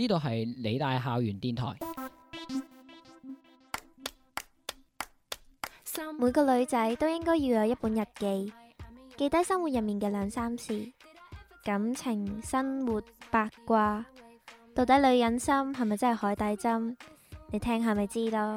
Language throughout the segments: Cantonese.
呢度係理大校園電台。每個女仔都應該要有一本日記，記低生活入面嘅兩三事感情、生活八卦。到底女人心係咪真係海底針？你聽下咪知道。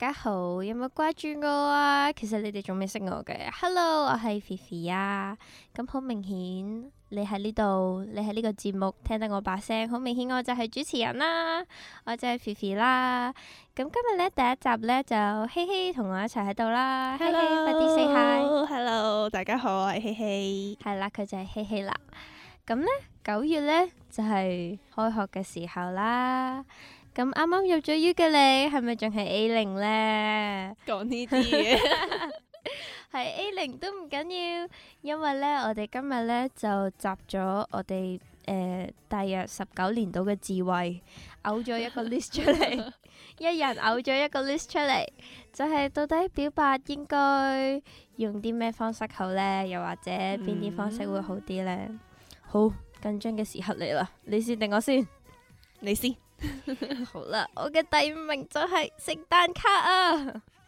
大家好，有冇掛住我啊？其實你哋仲未識我嘅，Hello，我係 Fifi 啊。咁、嗯、好明顯，你喺呢度，你喺呢個節目聽到我把聲，好明顯我就係主持人啦、啊，我就係 Fifi 啦。咁、嗯、今日咧第一集咧就希希同我一齊喺度啦，希希快啲 Hello,、hey, say hi，Hello，大家好，我係希希。係啦、嗯，佢就係希希啦。咁咧九月咧就係、是、開學嘅時候啦。咁啱啱入咗 U 嘅你，係咪仲係 A 零呢？講呢啲嘢，係 A 零都唔緊要，要，因為呢，我哋今日呢，就集咗我哋、呃、大約十九年度嘅智慧，嘔咗一個 list 出嚟， 一人嘔咗一個 list 出嚟，就係、是、到底表白應該用啲咩方式好呢？又或者邊啲方式會好啲呢？嗯、好緊張嘅時刻嚟啦，你先定我先，你先。 好啦，我嘅第五名就係聖誕卡啊！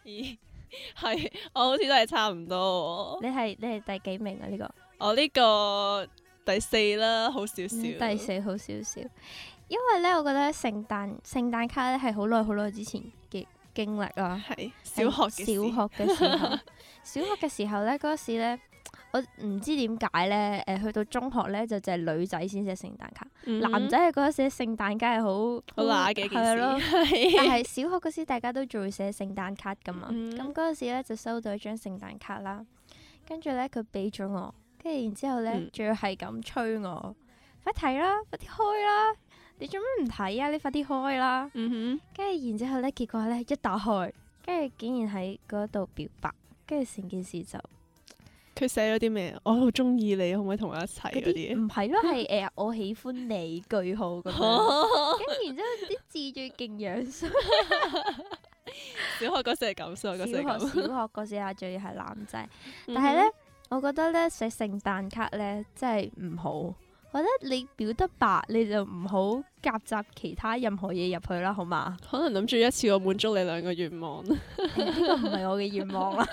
咦、欸，係我好似都係差唔多、哦你。你係你係第幾名啊？呢、個我呢、個第四啦，好少少、嗯。第四好少少，因為呢，我覺得聖誕聖誕卡咧係好耐好耐之前嘅經歷啊。係是是小學小學嘅時候，小學嘅時， 時候呢，嗰、嗰、時呢。我唔知點解咧，誒、呃，去到中學咧就淨係女仔先寫聖誕卡，mm hmm. 男仔係覺得寫聖誕卡係好好乸嘅。係咯，但係小學嗰時大家都仲會寫聖誕卡噶嘛，咁嗰陣時咧就收到一張聖誕卡啦，跟住咧佢俾咗我，跟住然之後咧仲、mm hmm. 要係咁催我，快睇啦，快啲開啦，你做乜唔睇啊？你快啲開啦。跟住、mm hmm. 然之後咧，結果咧一打開，跟住竟然喺嗰度表白，跟住成件事就。佢寫咗啲咩？Oh, 我好中意你，可唔可以同我一齊嗰啲？唔係咯，係誒，我喜歡你句號咁樣。咁然之後啲字最勁樣衰。小學嗰時係咁小學小學嗰時啊最要係男仔。但係咧，嗯、哼我覺得咧寫聖誕卡咧真係唔好。我覺得你表得白，你就唔好夾雜其他任何嘢入去啦，好嘛？可能諗住一次我滿足你兩個願望。呢、 哎呢個唔係我嘅願望啦。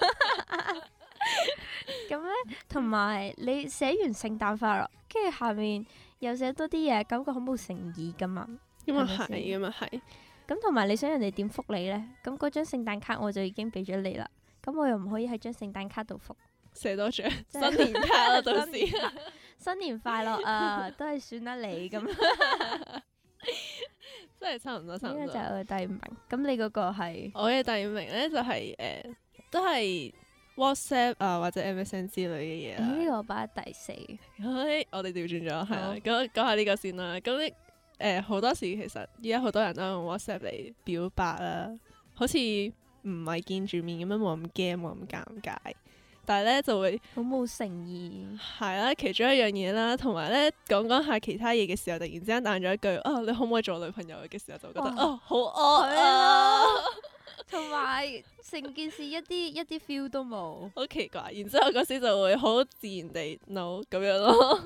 咁咧，同埋、 嗯、你寫完聖誕快樂，跟住下面又寫多啲嘢，感覺好冇誠意噶嘛？咁啊係，咁啊係。咁同埋你想人哋點覆你咧？咁嗰張聖誕卡我就已經俾咗你啦。咁我又唔可以喺張聖誕卡度復寫多張新年卡咯，啊。到時 新年快樂啊， 都係算啦你咁， 真係差唔多，差唔多。依家就係第五名。咁你嗰個係我嘅第五名咧，就是，就係誒，都係。WhatsApp 啊或者 MSN 之類嘅嘢呢個擺第四。哎、我哋調轉咗，係、oh. 啊，講講下呢個先啦。咁誒好多時其實而家好多人都用 WhatsApp 嚟表白啦，好似唔係見住面咁樣冇咁驚冇咁尷尬，但係咧就會好冇誠意。係啦、嗯啊，其中一樣嘢啦，同埋咧講講下其他嘢嘅時候，突然之間彈咗一句啊，你可唔可以做我女朋友嘅時候，就覺得、oh. 啊，好愛啊！ 同埋成件事一啲一啲 feel 都冇，好奇怪。然之後嗰時就會好自然地 no 咁樣咯。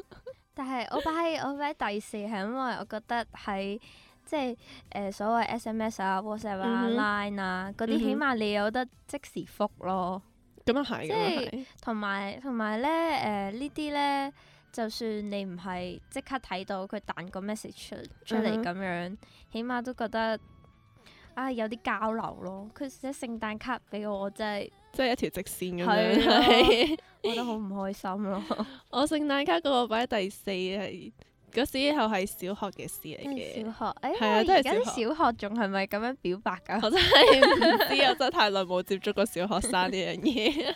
但係我擺 我擺第四係因為我覺得喺即係誒、呃、所謂 SMS 啊 WhatsApp 啊、嗯、哼 Line 啊嗰啲、嗯、哼起碼你有得即時覆咯。咁樣係嘅，嗯、即係同埋同埋咧誒呢啲咧、呃、就算你唔係即刻睇到佢彈個 message 出嚟咁樣，嗯、哼起碼都覺得。啊，有啲交流咯，佢寫聖誕卡俾我，我真係，即係一條直線咁樣， 我覺得好唔開心咯、啊。 我聖誕卡嗰個擺第四，係嗰時候係小學嘅事嚟嘅。小學，哎，係啊，都係小學。小學仲係咪咁樣表白噶、啊？我真係唔知，啊， 真係太耐冇接觸過小學生呢樣嘢。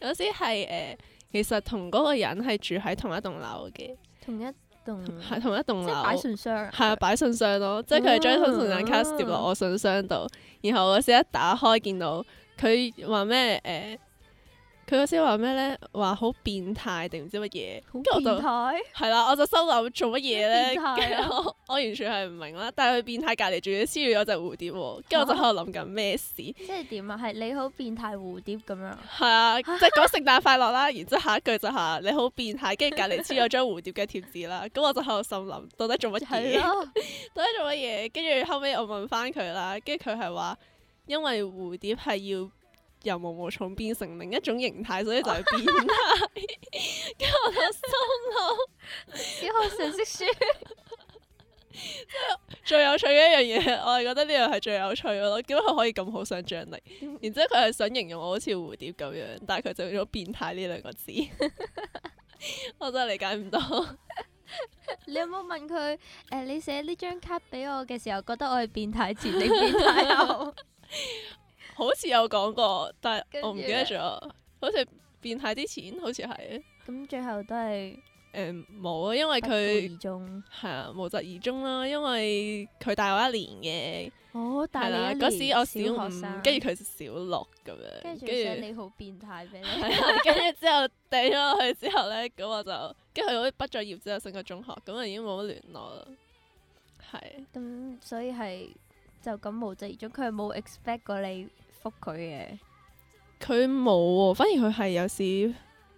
嗰 時係誒、呃，其實同嗰個人係住喺同一棟樓嘅。同一。係同一棟樓，係啊，擺信箱咯，即係佢係將新信用卡掉落我信箱度，嗯啊、然後我先一打開見到佢話咩誒。呃佢嗰時話咩咧？話好變態定唔知乜嘢？好變態係啦，我就心諗做乜嘢咧？我完全係唔明啦。但係佢變態隔籬仲要黐住咗隻蝴蝶，跟住我就喺度諗緊咩事？即係點啊？係你好變態蝴蝶咁樣？係啊，即係講聖誕快樂啦。然之後下一句就係你好變態，跟住隔籬黐咗張蝴蝶嘅貼紙啦。咁我就喺度心諗到底做乜嘢？到底做乜嘢？跟住後尾我問翻佢啦，跟住佢係話因為蝴蝶係要。由毛毛蟲變成另一種形態，所以就係變態。跟住我心諗，小學成績書，最有趣嘅一樣嘢。我係覺得呢樣係最有趣嘅咯，點解佢可以咁好想像力。然之後佢係想形容我好似蝴蝶咁樣，但係佢就用咗變態呢兩個字， 我真係理解唔到。你有冇問佢誒、呃，你寫呢張卡俾我嘅時候，覺得我係變態前定變態後？ 好似有講過，但係我唔記得咗。好似變態啲錢，好似係。咁最後都係誒冇啊，因為佢係啊無疾而終啦，因為佢大我一年嘅。哦，大我一年、啊、嗰時我小學生。跟住佢小六咁樣。跟住想你好變態俾我。係啊，跟住之後掟咗落去之後咧，咁我就跟佢，我畢咗業之後升咗中學，咁啊已經冇乜聯絡啦。係。咁所以係。就咁無疾而終，佢係冇 expect 過你覆佢嘅。佢冇，反而佢係有時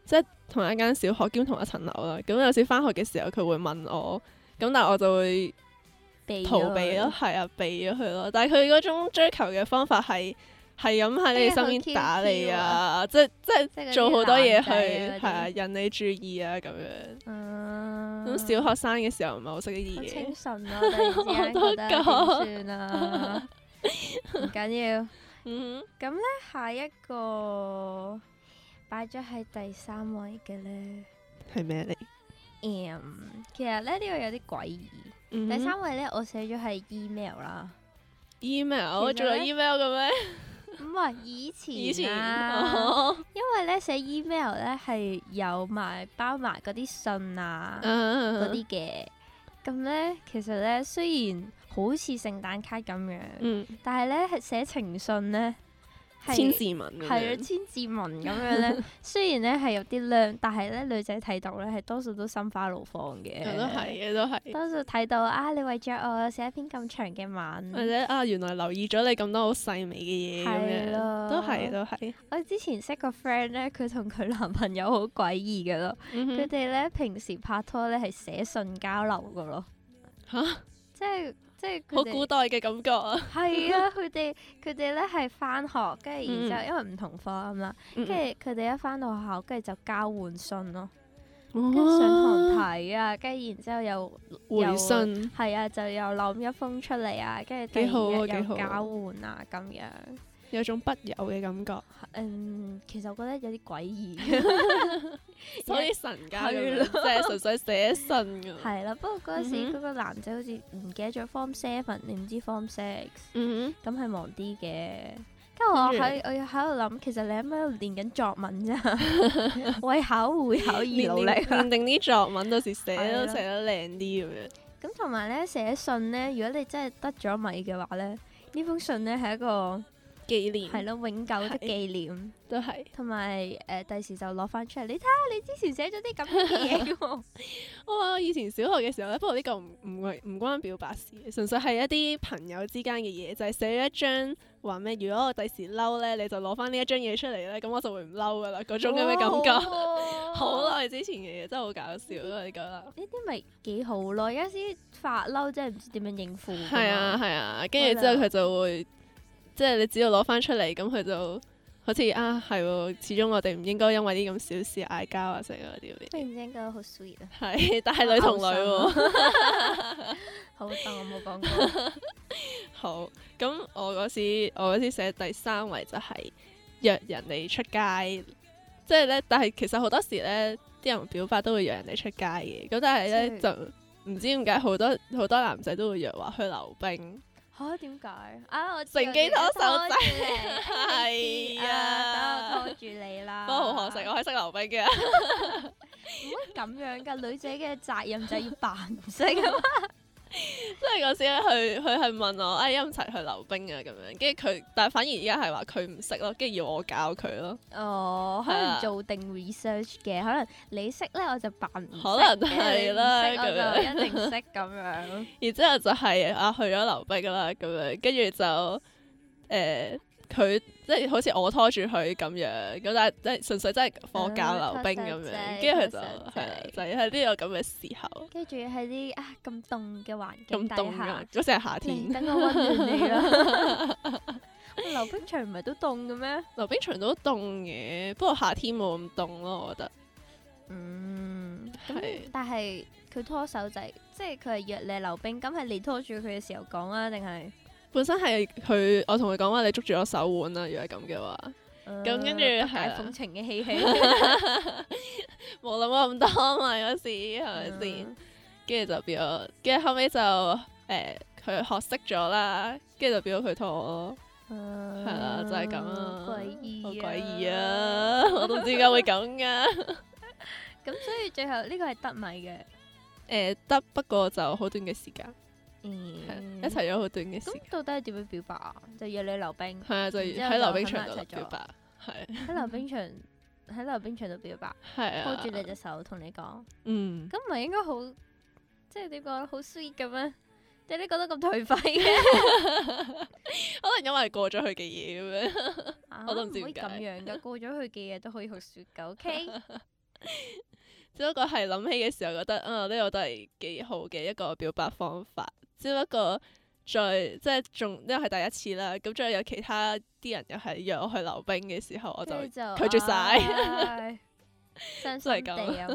即係同一間小學，兼同一層樓啦。咁有時返學嘅時候，佢會問我，咁但係我就會逃避咯，係啊，避咗佢咯。但係佢嗰種追求嘅方法係。係咁喺你身邊打你啊！即係即係做好多嘢去係啊，引你注意啊咁樣。咁小學生嘅時候唔係好識呢啲嘢。清純我都覺點算啦，唔緊要。咁咧下一個擺咗喺第三位嘅咧，係咩嚟？其實咧呢個有啲詭異。第三位咧，我寫咗係 email 啦。email 我做咗 email 咁咩？咁係以前啊，因為咧 寫 email 咧係有埋包埋嗰啲信啊嗰啲嘅，咁咧 其實咧雖然好似聖誕卡咁樣，嗯、但係咧係寫情信咧。是千字文，係啊，千字文咁樣咧。 雖然咧係有啲 long，但係咧女仔睇到咧係多數都心花怒放嘅。都係嘅，都係。多數睇到啊，你為咗我寫一篇咁長嘅文，或者啊，原來留意咗你咁多好細微嘅嘢咁樣。都係，都係。我之前識個 friend 咧，佢同佢男朋友好詭異嘅咯。佢哋咧平時拍拖咧係寫信交流噶咯。吓、啊？即係。即係好古代嘅感覺啊！係啊，佢哋佢哋咧係返學，跟住然之後，然後、嗯、因為唔同課啊嘛，跟住佢哋一返到學校，跟住就交換信咯，跟哇上堂睇啊，跟住然之後又回信，係啊，就又諗一封出嚟啊，跟住第二日、啊、又交換啊，咁樣。有種不由嘅感覺，嗯，um, 其實我覺得有啲詭異，所以神教即係純粹寫信係啦。不過嗰陣時嗰個男仔好似唔記得咗 Form Seven，你唔知 Form Six，咁係忙啲嘅。跟住我喺我喺度諗，其實你喺度練緊作文啫？為考會考而努力，練定啲作文到時寫都寫得靚啲咁樣。咁同埋咧寫信咧，如果你真係得咗米嘅話咧，呢封信咧係一個。紀念係咯，永久的紀念都係，同埋誒，第時、呃、就攞翻出嚟。你睇下，你之前寫咗啲咁嘅嘢。我我以前小學嘅時候咧，不過呢個唔唔唔關表白事，純粹係一啲朋友之間嘅嘢，就係寫咗一張話咩？如果我第時嬲咧，你就攞翻呢一張嘢出嚟咧，咁我就會唔嬲噶啦，嗰種咁嘅感覺。哦、好耐、啊、 之前嘅嘢真係好搞笑咯，你覺得？呢啲咪幾好咯？有陣時發嬲真係唔知點樣應付。係啊係啊，跟住、啊、之後佢就會。 即係你只要攞翻出嚟，咁佢就好似啊係、哦，始終我哋唔應該因為啲咁小事嗌交啊，成嗰啲。非唔應該好 sweet 啊。係，但係女同女。 好，但我冇講過。好，咁我嗰時我嗰時寫第三位就係約人哋出街，即係咧，但係其實好多時咧，啲人表白都會約人哋出街嘅，咁但係咧是就唔知點解好多好多男仔都會約話去溜冰。嚇，點解啊！我成機拖手仔係啊，呀啊，等我拖住你啦。不過好可惜，啊、我係識溜冰嘅。 咁樣噶女仔嘅責任就要扮唔識㗎嘛～ 即係嗰時咧，佢佢係問我，哎呀，一齊去溜冰啊，咁樣，跟住佢，但係反而而家係話佢唔識咯，跟住要我教佢咯。哦，係啊，做定 research 嘅，可能你識咧，我就扮唔識，可能係啦，咁樣一定識咁樣，， 就是啊，樣。然之後就係啊，去咗溜冰啦，咁樣，跟住就誒。佢即係好似我拖住佢咁樣，咁但係即係純粹真係放假溜冰咁、嗯、樣，跟住佢就係、嗯、就係、喺、呢個咁嘅時候，跟住喺啲啊咁凍嘅環境底下，咁凍，嗰陣係夏天，嗯、等我溫暖你啦。溜 冰場唔係都凍嘅咩？溜冰場都凍嘅，不過夏天冇咁凍咯，我覺得。嗯，咁是但係佢拖手仔，即係佢係約你溜冰，咁係你拖住佢嘅時候講啊，定係？本身係佢，我同佢講話你捉住我手腕啦。如果係咁嘅話，咁跟住係啦。情嘅嬉戲，冇諗過咁多啊嘛！嗰時係咪先？跟住、呃、就表，跟住後尾就誒，佢、呃、學識咗啦。跟住就咗佢同我係啦，就係、是、咁啊！好詭異，好詭異啊！啊 我都唔知點解會咁嘅、啊。咁 所以最後呢個係得米嘅？誒得、呃，不過就好短嘅時間。嗯，一齊有好短嘅時間，咁到底係點樣表白啊？就約你溜冰，係啊，就喺溜冰場度表白，係喺溜冰場喺溜冰場度表白，係啊，拖住你隻手同你講，嗯，咁唔係應該好，即係點講，好 sweet 咁即係你覺得咁頹廢嘅？可能因為過咗去嘅嘢，咁樣，我都唔可以咁樣噶過咗去嘅嘢都可以好 sweet 噶，OK。只不過係諗起嘅時,、uh, 時,時候，覺得啊呢個都係幾好嘅一個表白方法。只不過再即係仲呢個係第一次啦，咁之後有其他啲人又係約我去溜冰嘅時候，我就拒絕晒、嗯。即係咁，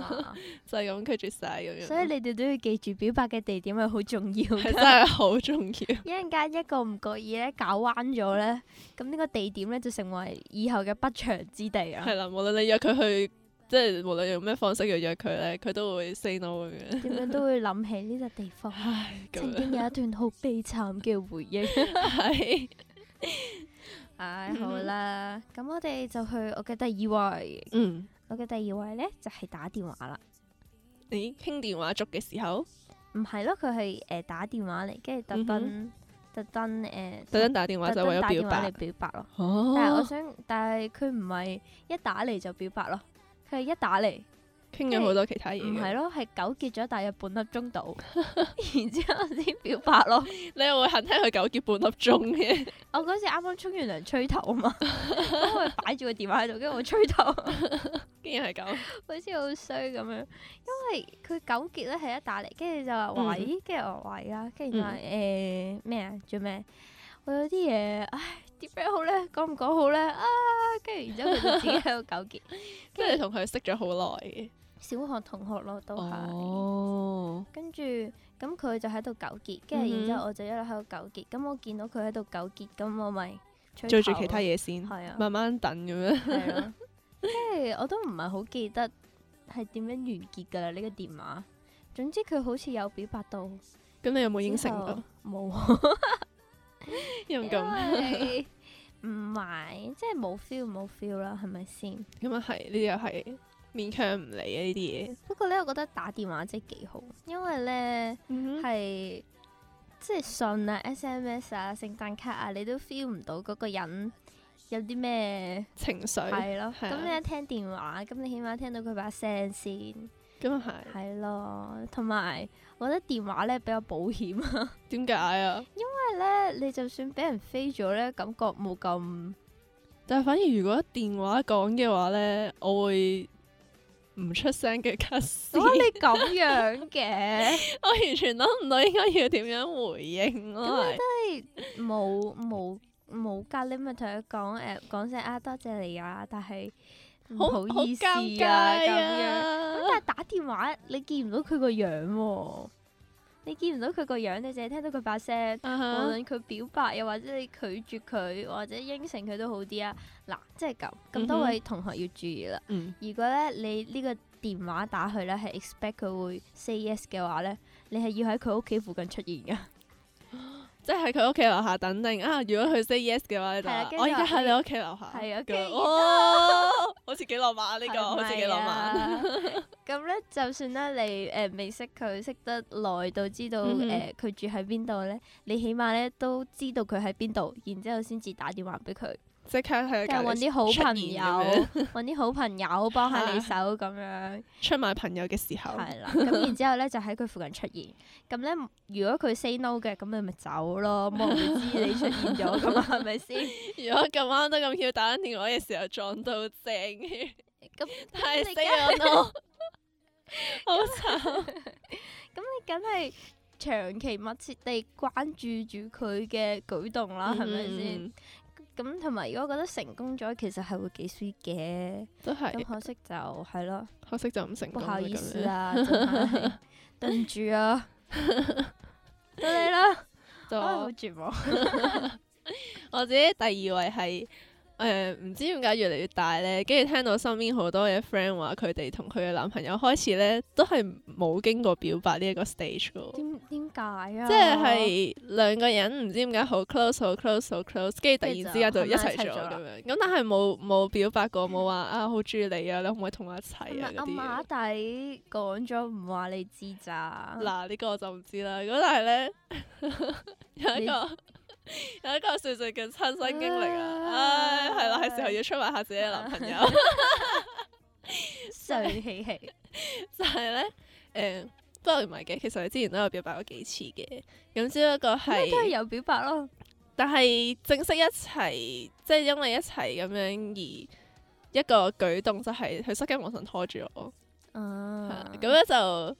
即係咁拒絕晒咁 kind of 樣。所以你哋都要記住表白嘅地點係好重要，真係好重要。一陣間一,一個唔覺意咧搞彎咗咧，咁呢個地點咧就成為以後嘅不祥之地啊。係啦，無論你約佢去。即係無論用咩方式去約佢咧，佢都會 say no 咁樣。點樣都會諗起呢個地方， 這曾經有一段好悲慘嘅回憶。係，唉，好啦，咁、嗯、我哋就去我嘅第二位，嗯，我嘅第二位咧就係、是、打電話啦。咦？傾電話粥嘅時候？唔係咯，佢係誒打電話嚟，跟住特登、嗯、哼特登誒、呃，特登、呃、打電話就為咗表白。表白咯，哦、但係我想，但係佢唔係一打嚟就表白咯。佢一打嚟，傾咗好多其他嘢，唔係咯，係糾結咗大約半粒鐘度， 然之後先表白咯。 你又會肯聽佢糾結半粒鐘嘅？ 我嗰時啱啱沖完涼吹頭啊嘛，因為擺住個電話喺度，跟住我吹頭，竟然係咁，好似好衰咁樣。因為佢糾結咧係一打嚟，跟住就話喂，跟住、嗯哎、我話呀，跟住就話誒咩啊？做咩、嗯呃？我有啲嘢唉。點樣好咧？講唔講好咧？啊！跟住，然之後佢自己喺度糾結，跟住同佢識咗好耐嘅小學同學咯，都係。哦。跟住咁，佢就喺度糾結，跟住，然之後我就一路喺度糾結。咁，mm hmm. 我見到佢喺度糾結，咁我咪追住其他嘢先，係啊，慢慢等咁樣。係 咯，啊。即係我都唔係好記得係點樣完結噶啦呢個電話。總之佢好似有表白到。咁你有冇應承過？冇。 用咁唔係，即係冇 feel 冇 feel 啦，係咪先？咁啊，係呢啲又係勉強唔嚟啊呢啲嘢。不過咧，我覺得打電話即係幾好，因為咧係、嗯、哼即係信啊、S M S 啊、聖誕卡啊，你都 feel 唔到嗰個人有啲咩情緒緒係咯。咁、啊、你一聽電話，咁你起碼聽到佢把聲先。咁啊係係咯，同埋我覺得電話咧比較保險啊。點解啊？因為咧，你就算俾人飛咗咧，感覺冇咁。但係反而如果電話講嘅話咧，我會唔出聲嘅。咁你咁樣嘅， 我完全諗唔到應該要點樣回應咯。咁真係冇冇冇隔，你咪同佢講誒，講、呃、聲啊，多謝你啊，但係。唔好意思啊，咁、啊、樣咁。但係打電話你見唔到佢個樣，你見唔到佢個樣、哦，你淨係聽到佢把聲。Uh huh. 無論佢表白又或者你拒絕佢，或者應承佢都好啲啊。嗱，即係咁咁多位同學要注意啦。Uh huh. 如果咧你呢個電話打去咧，係 expect 佢會 say yes 嘅話咧，你係要喺佢屋企附近出現噶， 即係喺佢屋企樓下等定啊。如果佢 say yes 嘅話咧，我而家喺你屋企樓下。係啊，對哇 好似幾浪漫是是啊， 呢個，好似幾浪漫。咁咧，就算咧你誒、呃、未識佢，識得耐到知道誒佢、嗯呃、住喺邊度咧，你起碼咧都知道佢喺邊度，然之後先至打電話俾佢。即刻去揾啲好朋友，揾啲好朋友幫下你手咁、 啊、樣。出埋朋友嘅時候。係啦。咁然之後咧， 就喺佢附近出現。咁咧，如果佢 say no 嘅，咁你咪走咯。我唔知你出現咗，咁係咪先？ 如果咁啱得咁橋打緊電話嘅時候撞到正，咁太死樣咯， 好慘。咁 你梗係長期密切地關注住佢嘅舉動啦，係咪先？咁同埋，如果、嗯、覺得成功咗，其實係會幾 sweet 嘅是。都係，咁可惜就係咯。可惜就唔成功。不，不好意思啊，對唔住啊，到 你啦，仲好絕望。我自己第二位係。誒唔、嗯、知點解越嚟越大咧，跟住聽到身邊好多嘅 friend 話佢哋同佢嘅男朋友開始咧，都係冇經過表白呢一個 stage 㗎。點點解啊？即係兩個人唔知點解好 close 好 close 好 close，跟住突然之間就一齊咗咁樣。咁但係冇冇表白過，冇話啊好中意你啊，你可唔可以同我一齊啊？啱啱啲講咗唔話你，啊啊這個、知咋。嗱呢個我就唔知啦。如果但係咧有一個。你 有一個笑，最近親身經歷啊，唉，係啦，係時候要出賣下自己嘅男朋友，碎喜喜，就係咧，誒、嗯，不過唔係嘅，其實我之前都有表白過幾次嘅，咁只不過係，都係有表白咯，但係正式一齊，即、就、係、是、因為一齊咁樣而一個舉動就係佢失驚無神拖住我，啊，咁樣、嗯、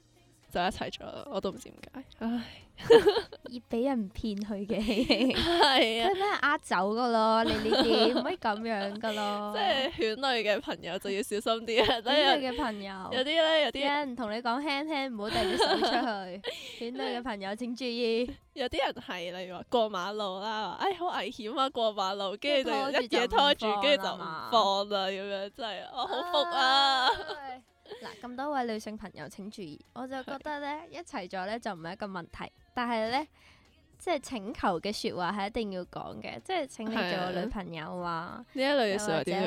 就就一齊咗，我都唔知點解，唉。而俾 人騙佢嘅，係啊，佢俾人呃走個咯，你呢啲唔可以咁樣個咯。即係犬類嘅朋友就要小心啲啊！犬類嘅朋友，有啲咧，有啲人同你講輕輕，唔好掟啲手出去。 犬類嘅朋友請注意有。有啲人係例如話過馬路啦，唉，好危險啊過馬路，跟、哎、住、啊、就一嘢拖住，跟住就唔放啦咁樣，真係我好服啊！嗱，咁多位女性朋友，請注意，我就覺得咧一齊咗咧就唔係一個問題，的但係咧即係請求嘅說話係一定要講嘅，即係請你做我女朋友啊，或者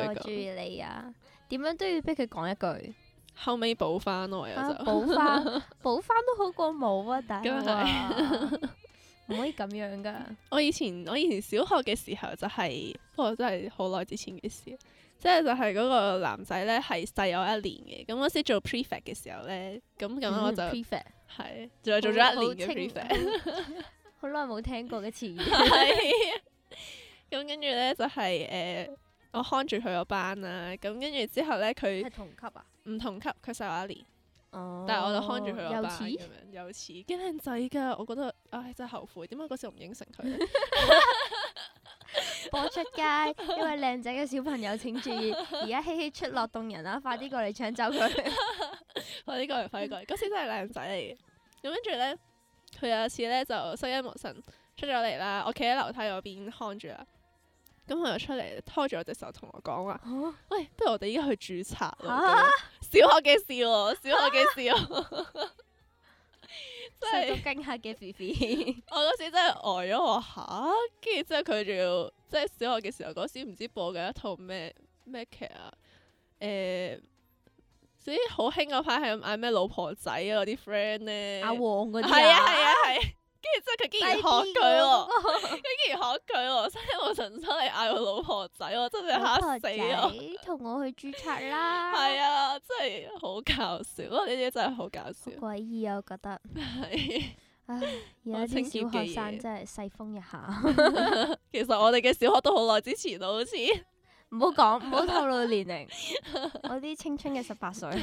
我中意你啊，點樣都要逼佢講一句，後尾補翻我又就補翻，補翻、啊、 都好過冇啊，但係唔可以咁樣噶我以前我以前小學嘅時候就係、是，不過真係好耐之前嘅事。即係就係嗰個男仔咧，係細我一年嘅。咁嗰時做 prefect 嘅時候咧，咁咁我就 p r e 係就係做咗一年嘅 prefect，好耐冇聽過嘅詞語。咁跟住咧，就係、是、誒、呃，我看住佢個班啦、啊。咁跟住之後咧佢係同級啊，唔同級，佢細我一年。哦、但係我就看住佢個班咁樣，有似幾靚仔噶，我覺得，唉、哎，真係後悔，點解嗰時我唔應承佢？ 播出街，因為靚仔嘅小朋友請，請注意，而家希希出落動人啦，快啲過嚟搶走佢！ 快啲過嚟，快啲過嚟，嗰時真係靚仔嚟嘅。咁跟住咧，佢有一次咧就失音無神出咗嚟啦，我企喺樓梯嗰邊看住啦。咁、嗯、佢又出嚟拖住我隻手我，同我講話，喂，不如我哋依家去註冊咯。小學嘅事，啊，小學嘅事。 即係驚嚇嘅 B B，我嗰時真係呆咗，我下。跟住真係佢仲要，即係小學嘅時候嗰時唔知播緊一套咩咩劇啊，誒、欸，所以好興嗰排係嗌咩老婆仔啊，我啲 friend 咧，阿黃嗰啲，係啊係啊係。 跟住真係佢竟然學佢喎，跟住、啊嗰個、學佢喎，所以我真係我純真嚟嗌我老婆仔，我真係嚇死啊！同我去註冊啦，係 啊，真係好搞笑，呢啲真係好搞笑，好詭異啊，我覺得。係。唉，而家啲小學生真係世風日下。 其實我哋嘅小學都好耐之前啦，好似。唔好講，唔好透露年齡。 我啲青春嘅十八歲，永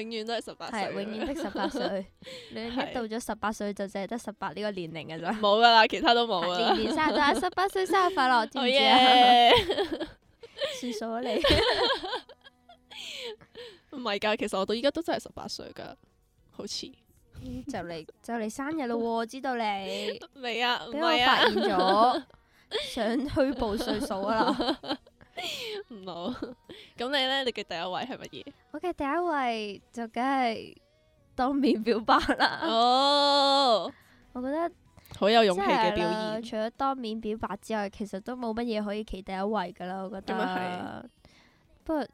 遠都係十八歲。係永遠的十八歲。你一到咗十八歲，就淨係得十八呢個年齡嘅咋？冇噶啦，其他都冇啦。年年 生日，都係十八歲生日快樂，知唔知、oh、yeah 啊？算數、 啊、你唔係噶，其實我到依家都真係十八歲噶，好似就嚟就嚟生日啦，我知道你未啊？俾、啊、我發現咗，想虛報歲數啊！唔 不好， 咁你咧，你嘅第一位係乜嘢？我嘅，okay, 第一位就梗係當面表白啦 ，oh。哦，我覺得好有勇氣嘅表現。除咗當面表白之外，其實都冇乜嘢可以企第一位噶啦。我覺得。咁又係，不過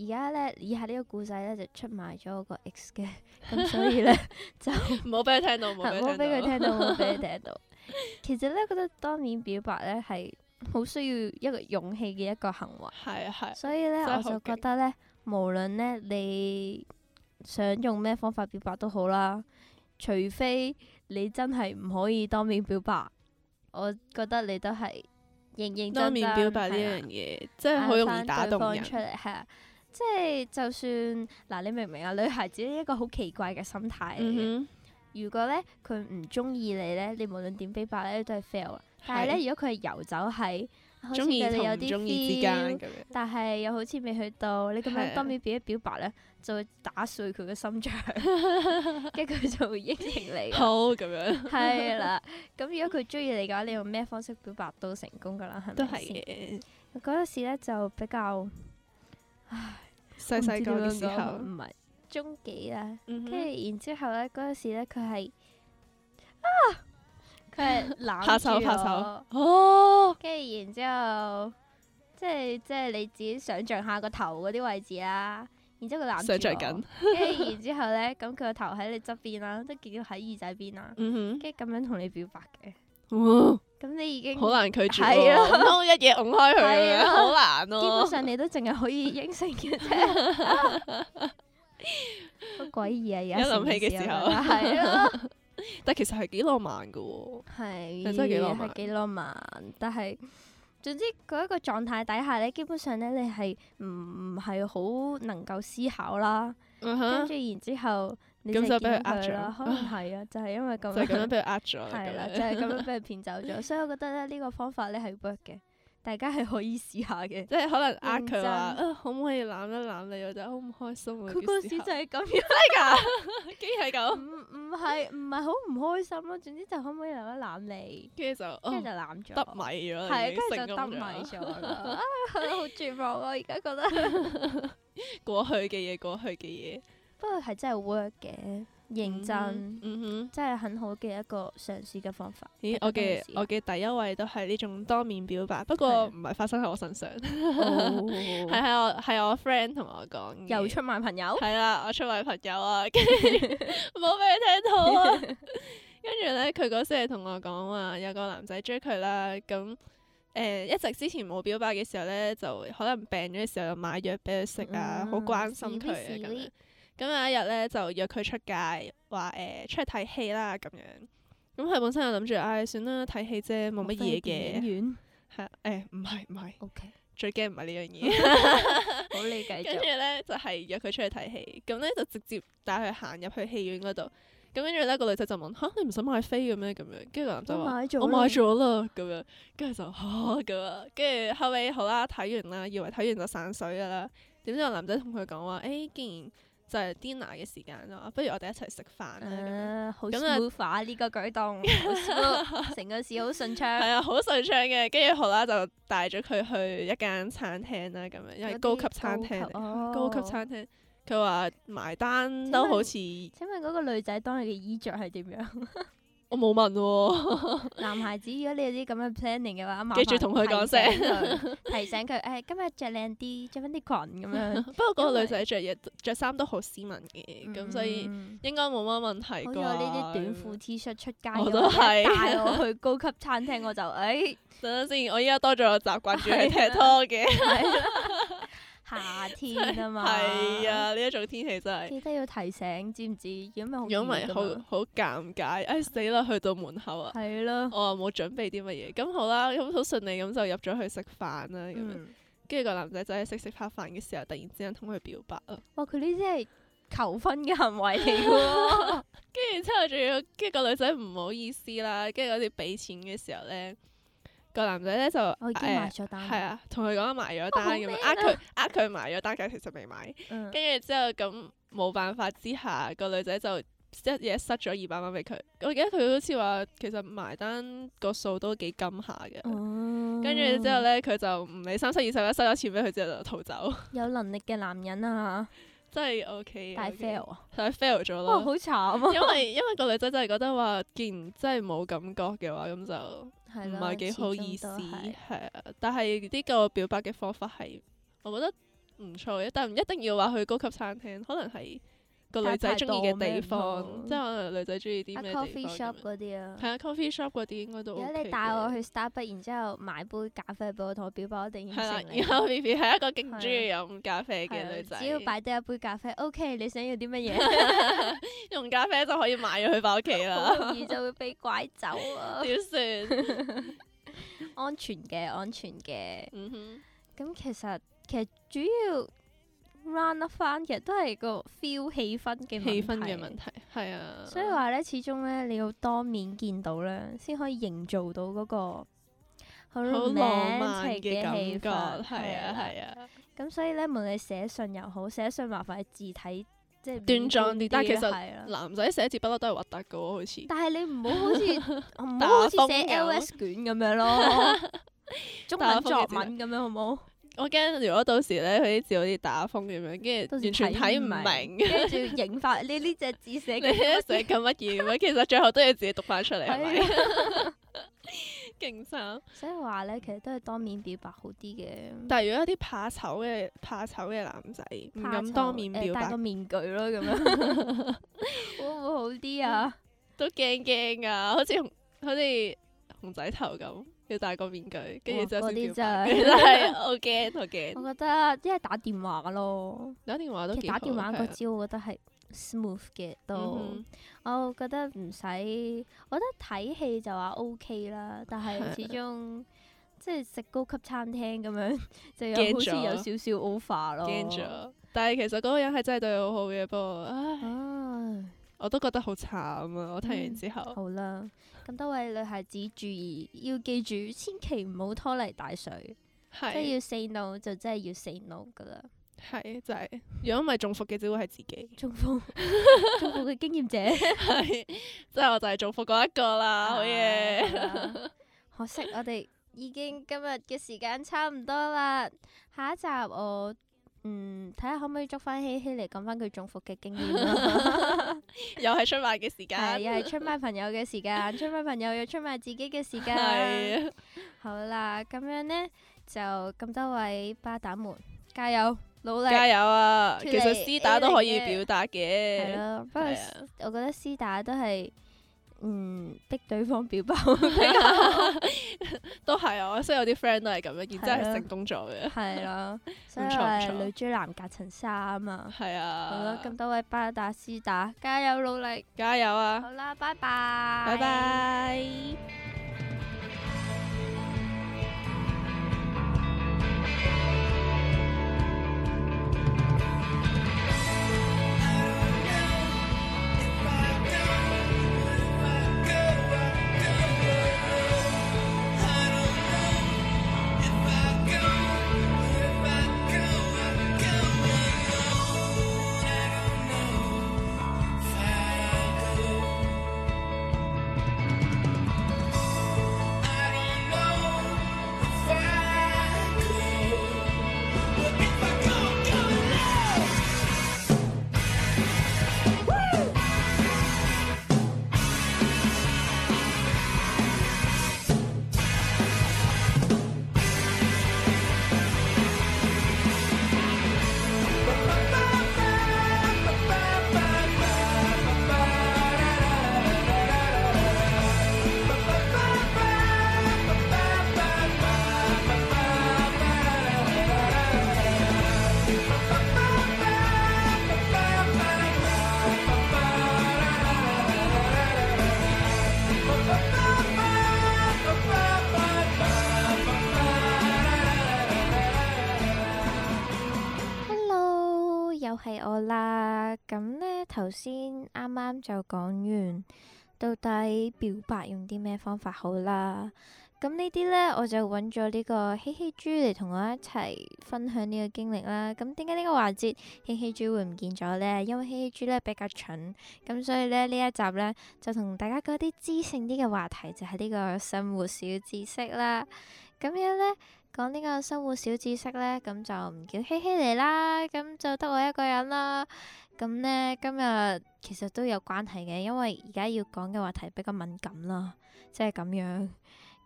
而家咧，以下呢個故事咧就出賣咗個 X 嘅，咁 所以咧就唔好俾佢聽到，唔好俾佢聽到，唔好俾佢聽到。其實咧，覺得當面表白咧係。好需要一個勇氣嘅一個行為，係啊係，所以咧我就覺得咧，無論咧你想用咩方法表白都好啦，除非你真係唔可以當面表白，我覺得你都係認認真真，當面表白呢樣嘢，啊、真係好容易打動人嚟係啊，即係就算嗱，你明唔明啊？女孩子一個好奇怪嘅心態。如果咧佢唔中意你咧，你無論點表白咧都係 fail 啊！但係咧，對 如果佢係游走喺好似對你有啲意之間，但係又好似未去到，你咁樣當面表一表白咧，對 就會打碎佢嘅心腸，跟住佢就會應承你 好。好這咁樣。係啦，咁 如果佢中意你嘅話，你用咩方式表白都成功噶啦，係咪？係嗰陣時咧就比較，唉，細細個嘅時候唔係。中幾啦，跟住然之後咧，嗰陣時咧佢係啊，佢係攬住我，哦，跟住然之後，即係即係你自己想象下個頭嗰啲位置啦，然之後佢攬住我，想象緊，跟住然之後咧，咁佢個頭喺你側邊啦，都見到喺耳仔邊啦，嗯哼，跟住咁樣同你表白嘅，哇，咁你已經好難拒絕，係咯，一嘢拱開佢，好難咯，基本上你都淨係可以應承嘅啫。好詭異啊！而家諗起嘅時候係咯，但其實係幾浪漫噶，係真係幾浪漫，幾浪漫。但係總之嗰一個狀態底下咧，基本上咧你係唔係好能夠思考啦。跟住然之後，你就俾佢呃咗，可能係啊，就係因為咁樣俾佢呃咗，係啦，就係咁樣俾佢騙走咗。所以我覺得咧，呢個方法咧係 work 嘅。大家係可以試下嘅，即係可能呃佢話啊，可唔可以攬一攬你？我就好唔開心啊！佢陣時就係咁樣㗎、 嗯，竟然係咁。唔唔係唔係好唔開心咯、啊，總之就可唔可以攬一攬你？跟住就跟住就攬咗、哦，得米咗。 係啊，跟住就得米咗。啊，好絕望啊！而家覺得 過去嘅嘢，過去嘅嘢。不過係真係 work 嘅。認真，嗯哼，真係很好嘅一個嘗試嘅方法。咦，啊、我嘅我嘅第一位都係呢種當面表白，不過唔係發生喺我身上，係係我係我 friend 同我講，又出賣朋友，係啦，我出賣朋友啊，唔好俾佢聽到。 呢跟住咧，佢嗰時係同我講話有個男仔追佢啦，咁誒、呃、一直之前冇表白嘅時候咧，就可能病咗嘅時候又買藥俾佢食啊，好、嗯、關心佢啊咁樣。嘶嘶嘶咁有、嗯、一日咧，就約佢出街，話誒、欸、出去睇戲啦咁樣。咁、嗯、佢本身就諗住，唉、哎，算啦，睇戲啫，冇乜嘢嘅。戲院唔係唔係。啊欸、OK，最驚唔係呢樣嘢。好理解。跟住咧就係、是、約佢出去睇戲，咁、嗯、咧、嗯、就直接帶佢行入去戲院嗰度。咁跟住咧個女仔就問：嚇、啊、你唔使買飛嘅咩？咁樣。跟住男仔話：我買咗啦。咁樣。跟住就嚇咁樣！跟住後尾好啦，睇完啦，以為睇完就散水噶啦。點知個男仔同佢講話：誒、欸，既、欸、然。就係 dinner 嘅時間囉，不如我哋一齊食飯啦咁、啊、樣。咁啊 很、嗯，呢個舉動，成個事好順暢。係啊， 好順暢嘅。跟住後啦，就帶咗佢去一間餐廳啦，咁樣，因為高級餐廳，高級餐廳。佢話埋單都好似。請問嗰個女仔當日嘅衣着係點樣？ 我冇問喎、哦，男孩子如果你有啲咁嘅 planning 嘅話，記住同佢講聲，提醒佢誒、哎、今日着靚啲，着翻啲裙咁樣。 不過嗰個女仔着嘢着衫都好斯文嘅，咁、嗯、所以應該冇乜問題啩。好似呢啲短褲 T 恤出街我都係。我帶我去高級餐廳 我就誒。哎、等等先，我依家多咗個習慣，住去踢拖嘅。 夏天啊嘛，係 啊，呢一種天氣真、就、係、是、記得要提醒，知唔知？如果唔係，好好尷尬，唉、 哎，死啦！去到門口 啊，係咯，我又冇準備啲乜嘢，咁好啦，咁好順利咁就入咗去食飯啦，咁、嗯、樣跟住個男仔仔喺食食下飯嘅時候，突然之間同佢表白啊！哇，佢呢啲係求婚嘅行為嚟、啊、嘅，跟住之後仲要跟住個女仔唔好意思啦，跟住好似俾錢嘅時候咧。個男仔咧就誒係、欸、啊，同佢講埋咗單咁，呃佢呃佢埋咗單，但其實未買。跟住、嗯、之後咁冇辦法之下，個女仔就一嘢，塞咗二百蚊俾佢。我記得，得佢好似話其實埋單個數都幾金下嘅。跟住、oh. 之後咧，佢就唔理三七二十一，收咗錢俾佢之後就逃走。有能力嘅男人啊，真係 OK, okay 但係 fail 啊，fail 咗咯。哇，好慘啊！因！因為因為個女仔就係覺得話，既然真係冇感覺嘅話，咁就。唔係幾好意思，係，但係呢個表白嘅方法係我覺得唔錯嘅，但係唔一定要話去高級餐廳，可能係。個女仔中意嘅地方，即係可能女仔中意啲咩？coffee shop 嗰啲啊。係樣啊，coffee shop 嗰啲應該都。如果你帶我去 Starbucks，然之後買杯咖啡俾我，同我表白我，一定獻成你。係啊、嗯，然後 B 係一個勁中意飲咖啡嘅女仔。只要擺低一杯咖啡，O、OK, K，你想要啲乜嘢？ 用咖啡就可以買咗佢翻屋企啦。 容易就會被拐走啊！點 算 安？安全嘅，安全嘅。咁其實其實主要。run 得翻，其實都係個 feel 氣氛嘅問題。氣氛嘅問題，係啊。所以話咧，始終咧，你要當面見到咧，先可以營造到嗰個好浪漫嘅氣氛。係吧啊，係啊。咁、嗯、所以咧，無論你寫信又好，寫信麻煩係字體即係端莊啲。但其實男仔寫字不嬲都係核突嘅喎，好似。但係你唔好、 啊、好似唔好好似寫 LS 卷咁樣咯，中文作文咁樣好唔好？我驚如果到時咧，佢啲字好似打風咁樣，跟住完全睇唔明。跟住影翻呢呢隻字寫，你寫咁乜嘢？其實最後都要自己讀翻出嚟。係 ，勁慘。所以話咧，其實都係當面表白好啲嘅。但係如果有一啲怕醜羞嘅、怕醜嘅男仔唔敢當面表白，呃、戴個面具咯，咁樣 會唔會好啲啊？都驚驚噶，好似好似熊仔頭咁。要戴個面具，跟住就嗰啲就是，係，真係我驚，我驚。我， 我覺得因為係打電話咯，打電話都幾。其實打電話個招、嗯哼，我覺得係 smooth 嘅都，我覺得唔使，我覺得睇戲就話 OK 啦，但係始終的即係食高級餐廳咁樣，就有了好似有少少 offer 咯。但係其實嗰個人係真係對我好好嘅，不過唉。唉。我都覺得好慘啊！我聽完之後， 嗯、好啦，咁多位女孩子注意，要記住，千祈唔好拖泥帶水，是即係要 say no，就真係要 say no 噶啦，係就係、是，如果唔係中伏嘅只會係自己中伏，中伏嘅經驗者係，即 係 我就係中伏嗰一個啦，好嘢。可惜我哋已經今日嘅時間差唔多啦，下一集我。嗯，睇下可唔可以捉翻希希嚟講翻佢中伏嘅經驗咯， 又係出賣嘅時間，又係出賣朋友嘅時間， 出賣朋友又出賣自己嘅時間啦。是啊、好啦，咁樣呢，就咁多位巴打們，加油努力，加油啊！理其實師打都可以表達嘅，係咯、 啊。不過是、啊、我覺得師打都係。嗯，逼對方表白，都係啊！所以有啲 friend 都係咁樣，然之後係成功咗嘅。係啦，身材女追男隔層衫啊！係啊啦，好啦，咁多位巴打斯打，加油努力，加油啊！好啦，拜拜，拜拜。啦，咁呢頭先啱啱，就講完到底表白用啲咩方法好啦。咁呢啲呢，我就揾咗呢個希希豬嚟，同我一齊分享呢個經歷啦。咁點解呢個環節希希豬會唔見咗呢？因為希希豬呢比較蠢，咁所以呢，呢一集呢就同大家講啲知性啲嘅話題，就係呢個生活小知識啦。咁樣呢。講呢個生活小知識呢，咁就唔叫希希嚟啦，咁就得我一個人啦。咁呢，今日其實都有關係嘅，因為而家要講嘅話題比較敏感啦，即係咁樣。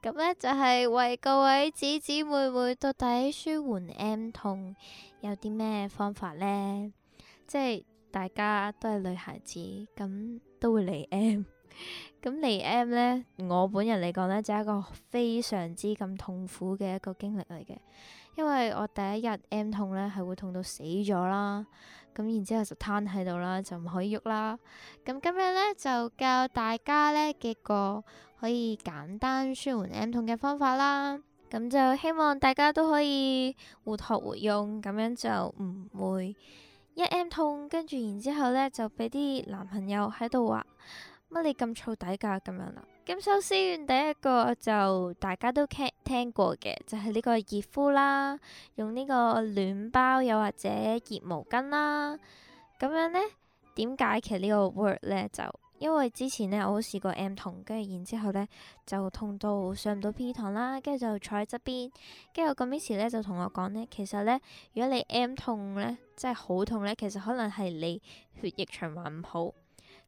咁呢，就係、是、為各位姊姊妹妹，到底舒緩 M 痛有啲咩方法呢？即係大家都係女孩子，咁都會嚟 M。咁嚟 M 呢，我本人嚟講呢，就係一個非常之咁痛苦嘅一個經歷嚟嘅，因為我第一日 M 痛呢，係會痛到死咗啦，咁然之後就癱喺度啦，就唔可以喐啦。咁今日呢，就教大家呢幾個可以簡單舒緩 M 痛嘅方法啦，咁就希望大家都可以活學活用，咁樣就唔會一 M 痛，跟住然之後呢就俾啲男朋友喺度話。乜你咁燥底㗎咁樣啦，啊？咁首先第一個就大家都聽聽過嘅，就係、是、呢個熱敷啦，用呢個暖包又或者熱毛巾啦。咁樣呢，點解其實呢個 word 呢，就因為之前呢，我好似試過 M 痛，跟住然之後，後呢，就痛到上唔到 P 堂啦，跟住就坐喺側邊。跟住我個 Miss 咧就同我講呢，其實呢，如果你 M 痛呢，真係好痛呢，其實可能係你血液循環唔好。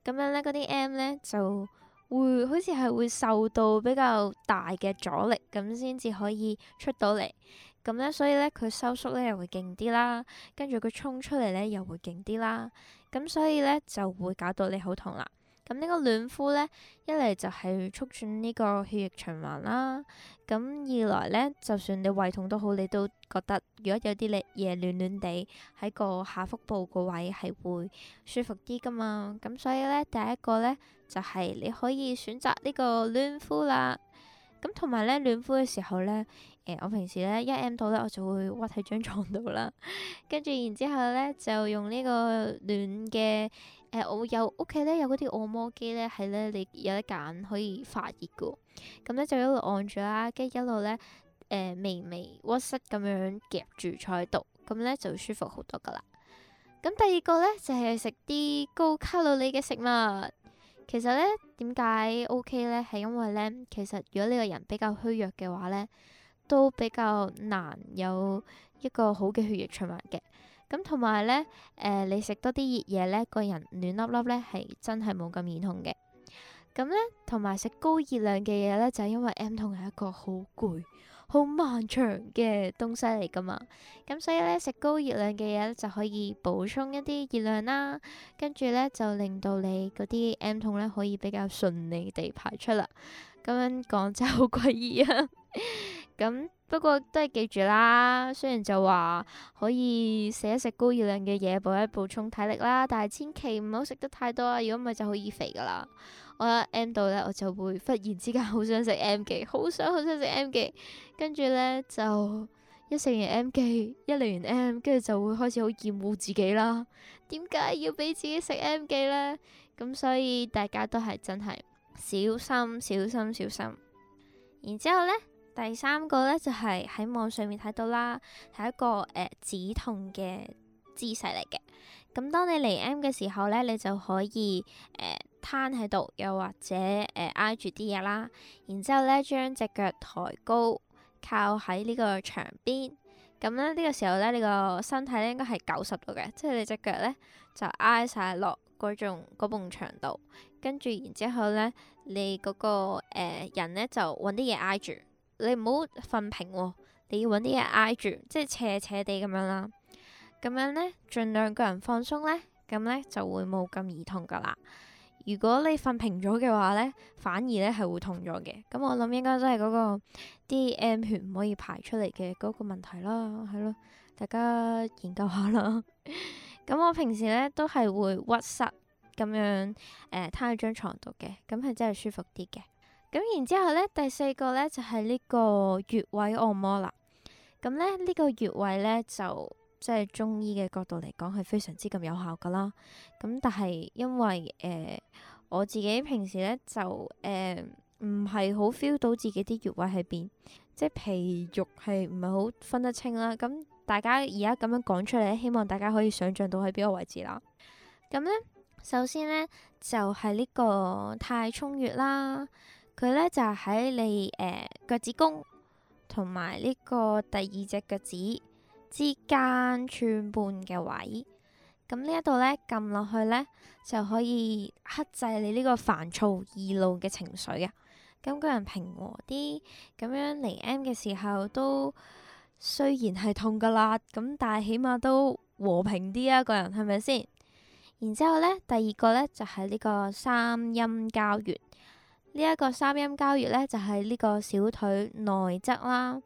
咁樣咧，嗰啲 M 咧就會好似係會受到比較大嘅阻力，咁先至可以出到嚟。咁咧，所以咧佢收縮咧又會勁啲啦，跟住佢衝出嚟咧又會勁啲啦。咁所以咧就會搞到你好痛啦。咁呢個暖敷呢，一嚟就係促進呢個血液循環啦。咁二來呢，就算你胃痛都好，你都覺得如果有啲你嘢暖暖地喺個下腹部個位係會舒服啲㗎嘛。咁所以呢，第一個呢，就係、是、你可以選擇呢個暖敷啦。咁同埋呢暖敷嘅時候呢、呃，我平時呢，一 M 到呢，我就會屈喺張床度啦。跟 住然之後呢，就用呢個暖嘅。誒我、呃、有屋企咧，有嗰啲按摩機咧，係咧，你有得揀可以發熱嘅，咁咧就一路按住啦，跟住一路咧，誒微微屈膝咁樣夾住坐喺度，咁咧就舒服好多噶啦。咁第二個咧就係食啲高卡路里嘅食物。其實咧，點解 OK 咧？係因為咧，其實如果呢個人比較虛弱嘅話咧，都比較難有一個好嘅血液循環嘅。咁同埋呢，誒、呃、你食多啲熱嘢呢，個人暖粒粒呢係真係冇咁嚴痛嘅。咁呢，同埋食高熱量嘅嘢呢，就係因為 M 痛係一個好攰、好漫長嘅東西嚟㗎嘛。咁所以呢，食高熱量嘅嘢就可以補充一啲熱量啦，跟住呢，就令到你嗰啲 M 痛呢可以比較順利地排出啦。咁樣講真好鬼易啊！咁。不過都係記住啦，雖然就話可以食一食高熱量嘅嘢，補一補充體力啦，但係千祈唔好食得太多啊！如果唔係就好易肥噶啦。我一 M 到呢，我就會忽然之間好想食 M 記，好想好想食 M 記，跟住呢，就一食完 M 記，一嚟完 M，跟住就會開始好厭惡自己啦。點解要俾自己食 M 記呢？咁所以大家都係真係小心、小心、小心。然之後呢。第三個咧就係、是、喺網上面睇到啦，係一個誒、呃、止痛嘅姿勢嚟嘅。咁、嗯、當你嚟 M 嘅時候咧，你就可以誒攤喺度，又、呃、或者誒、呃、挨住啲嘢啦。然之後咧，將隻腳抬高，靠喺呢個牆邊。咁咧呢個時候咧，你個身體咧應該係九十度嘅，即係你隻腳咧就挨晒落嗰種嗰埲牆度。跟住然之後咧，你嗰、那個、呃、人咧就揾啲嘢挨住。你唔好瞓平喎，啊，你要搵啲嘢挨住，即係斜斜地咁樣啦，咁樣呢，盡量個人放鬆呢，咁呢就會冇咁易痛噶啦。如果你瞓平咗嘅話呢，反而呢係會痛咗嘅。咁我諗應該都係嗰個啲 M 血唔可以排出嚟嘅嗰個問題啦，係咯，大家研究下啦。咁 我平時呢都係會屈膝咁樣呃，攤喺張床度嘅，咁係真係舒服啲嘅。咁然之後咧，第四個咧就係呢個穴位按摩啦。咁咧呢個穴位咧就即係中醫嘅角度嚟講，係非常之咁有效噶啦。咁但係因為誒我自己平時咧就誒唔係好 feel 到自己啲穴位喺邊，即係皮肉係唔係好分得清啦。咁大家而家咁樣講出嚟，希望大家可以想像到喺邊個位置啦。咁咧，首先咧就係呢個太沖穴啦。佢咧就喺、是、你誒腳、呃、趾公同埋呢個第二隻腳趾之間寸半嘅位，咁、嗯、呢一度咧撳落去咧就可以克制你呢個煩躁易怒嘅情緒啊。咁、嗯、個人平和啲，咁樣嚟 M 嘅時候都雖然係痛噶啦，咁但係起碼都和平啲啊。個人係咪先？然之後咧，第二個咧就係、是、呢個三陰交。呢一個三陰交穴呢，就喺、是、呢個小腿內側啦，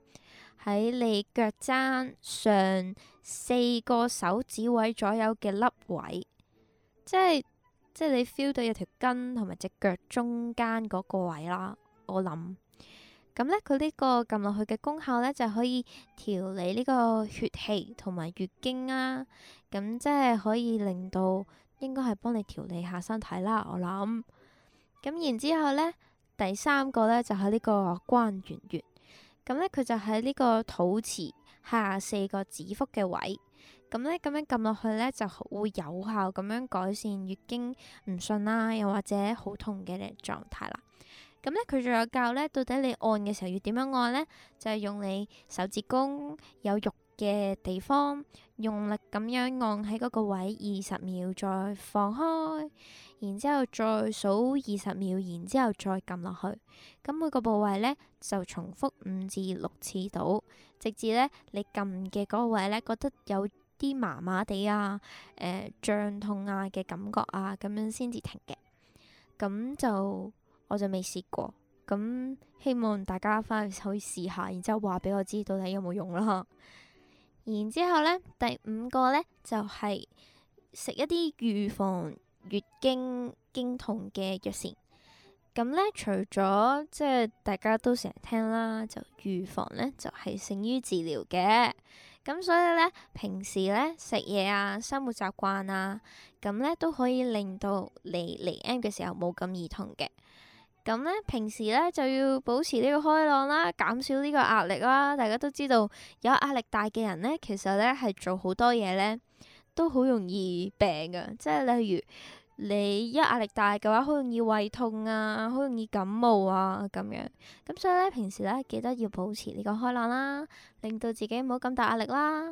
喺你腳踭上四個手指位左右嘅粒位，即係即係你 feel 到有條筋同埋隻腳中間嗰個位啦。我諗咁呢，佢呢個撳落去嘅功效呢，就可以調理呢個血氣同埋月經啦、啊。咁即係可以令到應該係幫你調理下身體啦。我諗。咁然之後呢，第三個呢就係呢個關元穴。咁呢，佢就喺呢個肚臍下四個指腹嘅位。咁呢，咁樣撳落去呢，就會有效咁樣改善月經唔順啦，又或者好痛嘅狀態啦。咁呢，佢仲有教呢，到底你按嘅時候要點樣按呢？就係用你手指公有肉嘅地方，用力咁樣按喺嗰個位二十秒，再放開。然之後再數二十秒，然之後再撳落去。咁每個部位呢，就重複五至六次到，直至呢，你撳嘅嗰個位呢，覺得有啲麻麻地啊、誒、呃、脹痛啊嘅感覺啊，咁樣先至停嘅。咁就我就未試過，咁希望大家翻去可以試下，然之後話俾我知到底有冇用啦。然之後呢，第五個呢，就係、是、食一啲預防月經經痛嘅藥膳，咁咧，除咗即係大家都成日聽啦，就預防咧就係勝於治療嘅，咁所以咧，平時咧，食嘢啊、生活習慣啊，咁咧都可以令到你嚟 M 嘅時候冇咁易痛嘅，咁咧，平時咧就要保持呢個開朗啦，減少呢個壓力啦。大家都知道有壓力大嘅人咧，其實咧係做好多嘢咧。都好容易病嘅，即係例如你一壓力大嘅話，好容易胃痛啊，好容易感冒啊，咁樣咁，所以咧平時咧記得要保持呢個開朗啦，令到自己唔好咁大壓力啦。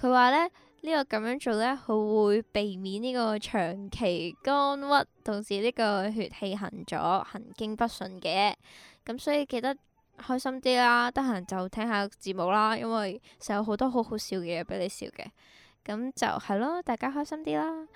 佢話咧呢個咁樣做咧，佢會避免呢個長期肝鬱，導致呢個血氣行咗，行經不順嘅。咁所以記得開心啲啦，得閒就聽下節目啦，因為就有好多好好笑嘅嘢俾你笑嘅。咁就係咯，大家開心啲啦。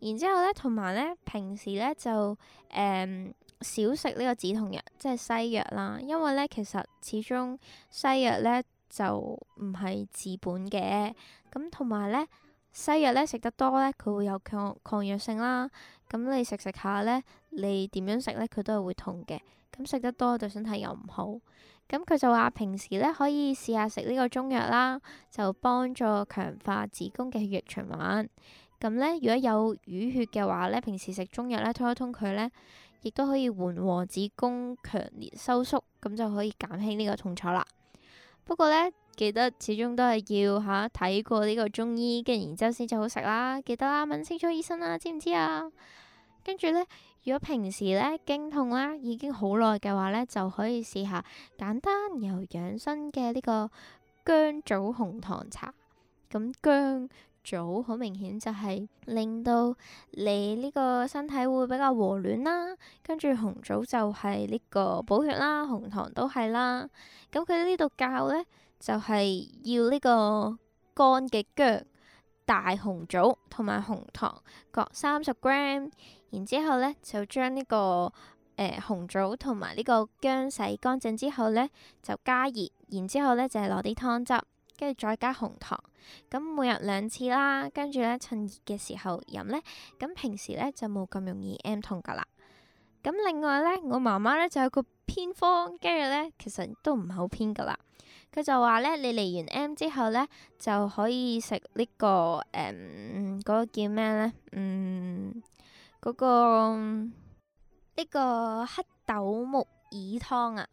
然之後咧，同埋咧，平時咧就誒少食呢個止痛藥，即係西藥啦。因為咧，其實始終西藥咧就唔係治本嘅。咁同埋咧，西藥咧食得多咧，佢會有抗抗藥性啦。咁你食食下咧。你點樣食呢？佢都係會痛嘅。咁、嗯、食得多對身體又唔好。咁、嗯、佢就話平時呢，可以試下食呢個中藥啦，就幫助強化子宮嘅血液循環。咁、嗯、呢，如果有淤血嘅話呢，平時食中藥呢，通一通佢呢，亦都可以緩和子宮強烈收縮，咁就可以減輕呢個痛楚啦。不過呢，記得始終都係要嚇睇過呢個中醫，跟然之後先至好食啦。記得啦，問清楚醫生啦，知唔知啊？跟住呢。如果平時咧經痛啦，已經好耐嘅話咧，就可以試下簡單又養生嘅呢個薑棗紅糖茶。咁薑棗好明顯就係令到你呢個身體會比較和暖啦，跟住紅棗就係呢個補血啦，紅糖都係啦。咁佢呢度教咧，就係、是、要呢個乾嘅薑。大紅棗同埋紅糖各三十 gram，然之後咧就將呢、這個誒、呃、紅棗同埋呢個薑洗乾淨之後呢，就加熱，然之後咧就係攞啲湯汁，跟住再加紅糖，咁、嗯、每日兩次啦，跟住呢，趁熱嘅時候飲呢。咁、嗯、平時呢，就冇咁容易 M 痛噶啦。咁、嗯、另外呢，我媽媽呢，就有個偏方，跟住呢，其實都唔係好偏噶啦。佢就話呢，你嚟完 M 之後呢，就可以食呢個誒嗰個叫咩呢？嗯，嗰個呢個黑豆木耳湯啊。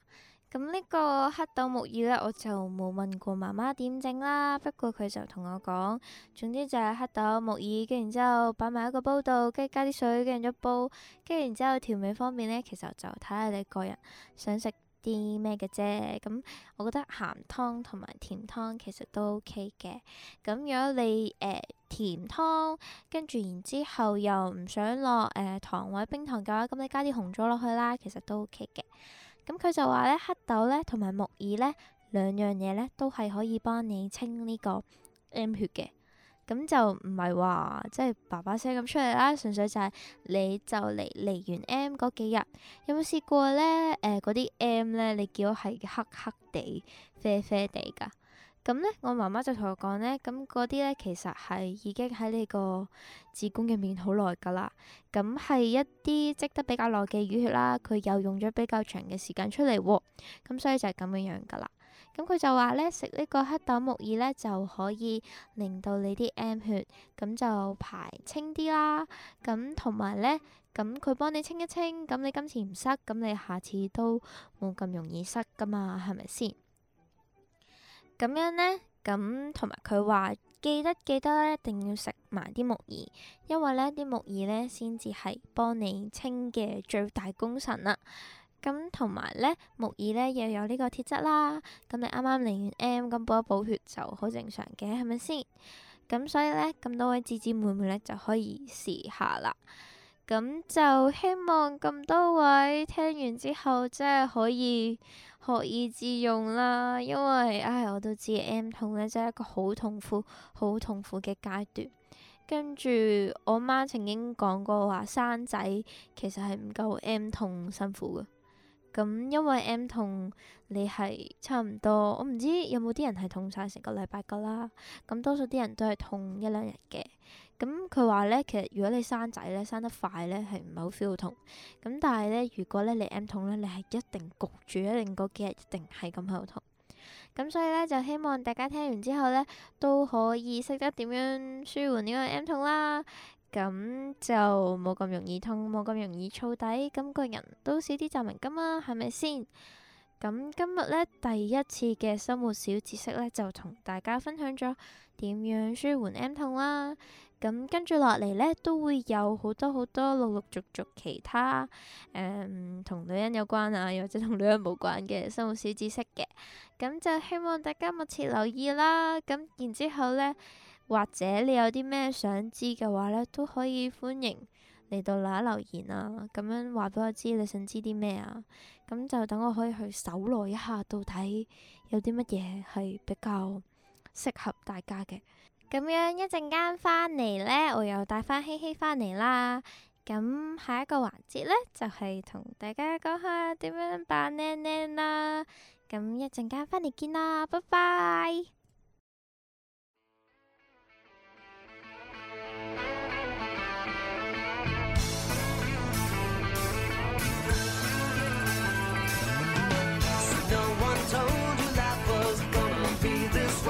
咁呢個黑豆木耳呢，我就冇問過媽媽點整啦。不過佢就同我講，總之就係黑豆木耳，跟然之後擺埋一個煲度，跟住加啲水，跟住一煲。跟住然之後調味方面呢，其實就睇下你個人想食。啲咩嘅啫，咁我覺得鹹湯同埋甜湯其實都 OK 嘅。咁如果你誒、呃、甜湯，跟住然之後又唔想落誒、呃、糖或者冰糖嘅話，咁你加啲紅棗落去啦，其實都 OK 嘅。咁佢就話呢，黑豆呢同埋木耳呢，兩樣嘢呢都係可以幫你清呢個 M 血嘅。咁就唔係話即係爸爸聲咁出嚟啦，純粹就係你就嚟嚟完 M 嗰幾日，有冇試過呢？誒嗰啲 M 呢，你見到係黑黑地、啡啡地㗎。咁呢，我媽媽就同我講呢，咁嗰啲呢，其實係已經喺你個子宮入面好耐㗎啦。咁係一啲積得比較耐嘅淤血啦，佢又用咗比較長嘅時間出嚟喎。咁所以就係咁樣樣㗎啦。咁佢就話呢：「食呢個黑豆木耳呢，就可以令到你啲 M 血咁就排清啲啦，咁同埋呢，咁佢幫你清一清，咁你今次唔塞，咁你下次都冇咁容易塞噶嘛，係咪先？咁樣呢，咁同埋佢話記得記得一定要食埋啲木耳，因為呢啲木耳呢，先至係幫你清嘅最大功臣啦。」咁同埋咧，木耳咧又有呢個鐵質啦。咁你啱啱嚟完 M，咁補一補血就好正常嘅，係咪先？咁所以咧，咁多位姊姊妹妹咧就可以試下啦。咁就希望咁多位聽完之後，即係可以學以致用啦。因為唉，我都知 M 痛咧，真係一個好痛苦、好痛苦嘅階段。跟住我媽曾經講過話，生仔其實係唔夠 M 痛辛苦嘅。咁、嗯、因為 M 痛你係差唔多，我唔知有冇啲人係痛晒成個禮拜噶啦。咁、嗯、多數啲人都係痛一兩日嘅。咁佢話呢，其實如果你生仔呢，生得快呢，係唔係好 feel 痛。咁、嗯、但係呢，如果呢，你 M 痛呢，你係一定焗住一定嗰幾日，一定係咁後痛。咁、嗯、所以呢，就希望大家聽完之後呢，都可以識得點樣舒緩呢個 M 痛啦。咁就冇咁容易痛，冇咁容易燥底，咁、那個人都少啲皺紋㗎嘛，係咪先？咁今日呢，第一次嘅生活小知識呢，就同大家分享咗點樣舒緩 M 痛啦。咁跟住落嚟呢，都會有好多好多陸陸續續其他同、呃、女人有關啊，又或者同女人冇關嘅生活小知識嘅。咁就希望大家密切留意啦。咁然之後呢。或者你有啲咩想知嘅話呢，都可以歡迎嚟到留留言啊！咁樣話俾我知你想知啲咩啊？咁就等我可以去搜羅一下到底有啲乜嘢係比較適合大家嘅。咁 樣一陣間翻嚟呢，我又帶返希希翻嚟啦。咁下一個環節呢，就係、是、同大家講下點樣扮靚靚啦。咁一陣間翻嚟見啦，拜拜。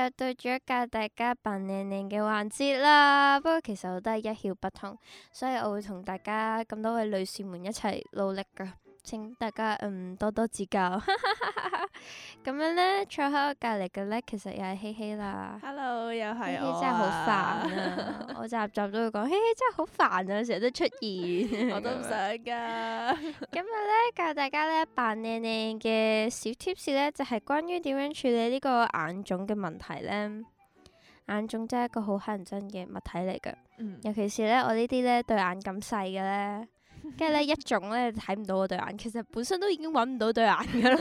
又對住一架大家扮靚靚嘅環節啦，不過其實我都係一竅不通，所以我會同大家咁多位女士們一齊努力㗎。請大家嗯，多多指教，咁 樣咧坐喺我隔籬嘅咧，其實又係希希啦。Hello，又係我。希希真係好煩啊！我集集都會講，希希真係好煩啊，成日 都，啊、都出現。 我都唔想噶。 今日咧教大家咧扮靚靚嘅小貼士咧，就係、是、關於點樣處理呢個眼腫嘅問題咧。眼腫真係一個好乞人憎嘅物體嚟噶，嗯、尤其是咧我呢啲咧對眼咁細嘅咧。跟住咧，一腫咧睇唔到嗰對眼，其實本身都已經揾唔到對眼㗎喇。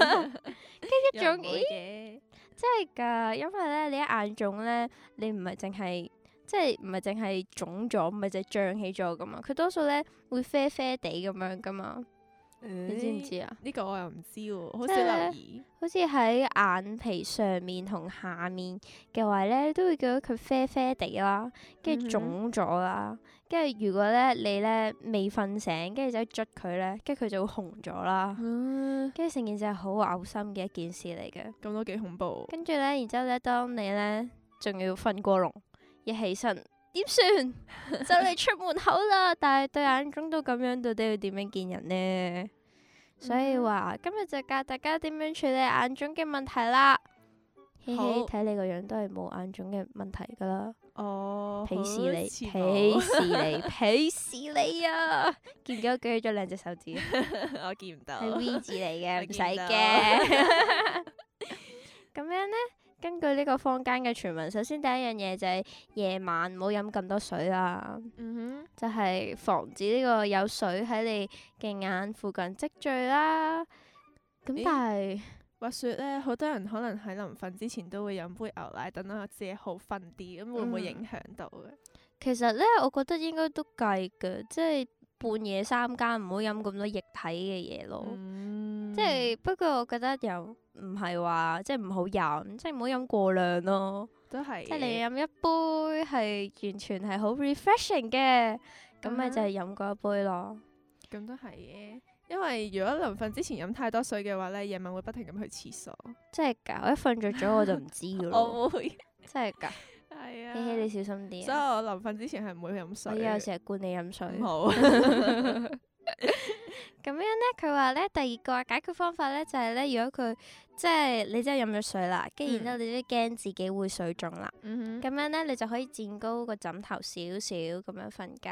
跟住一腫， 咦，真係㗎，因為咧你一眼腫咧，你唔係淨係即係唔係淨係腫咗，唔係淨係脹起咗㗎嘛，佢多數咧會啡啡地咁樣㗎嘛。嗯、你知唔知啊？呢個我又唔知、啊啊，好似留意好似喺眼皮上面同下面嘅話咧，都會覺得佢啡啡地啦，跟住腫咗啦，跟住、嗯、哼如果咧你咧未瞓醒，跟住就喺捽佢咧，跟住佢就會紅咗啦，跟住成件事係好嘔心嘅一件事嚟嘅。咁都幾恐怖。跟住咧，然之後咧，當你咧仲要瞓過籠，要起身，點算就嚟出門口啦，但係對眼腫到咁樣，到底要點樣見人呢？所以話今日就教大家點樣處理眼腫嘅問題啦。嘻嘻，睇你個樣都係冇眼腫嘅問題噶啦。哦，鄙視你，鄙視你，鄙視你啊！見唔到舉咗兩隻手指，我見唔到。係 V 字嚟嘅，唔使驚。咁樣呢？根據呢個坊間嘅傳聞，首先第一樣嘢就係夜晚唔好飲咁多水啦，嗯、哼就係防止呢個有水喺你嘅眼附近積聚啦。咁但係話說咧，好、欸、多人可能喺臨瞓之前都會飲杯牛奶等啦，我自己好瞓啲，咁會唔會影響到嘅、嗯？其實咧，我覺得應該都計嘅，即係。半夜三更唔好飲咁多液體嘅嘢咯，嗯、即係不過我覺得又唔係話即係唔好飲，即係唔好飲過量咯。都係，即係你飲一杯係完全係好 refreshing 嘅，咁咪就係飲嗰一杯咯。咁都係嘅，因為如果臨瞓之前飲太多水嘅話咧，夜晚會不停咁去廁所。真係噶，我一瞓着咗我就唔知咯。我會真係噶。希希，你小心啲。所以我、哎，我臨瞓之前係唔會飲水。我有時係灌你飲水。好。咁 樣咧，佢話咧，第二個解決方法咧，就係、是、咧，如果佢即係你真係飲咗水啦，跟住、嗯、然之後你都驚自己會水腫啦。咁、嗯、哼樣咧，你就可以墊高個枕頭少少咁樣瞓覺。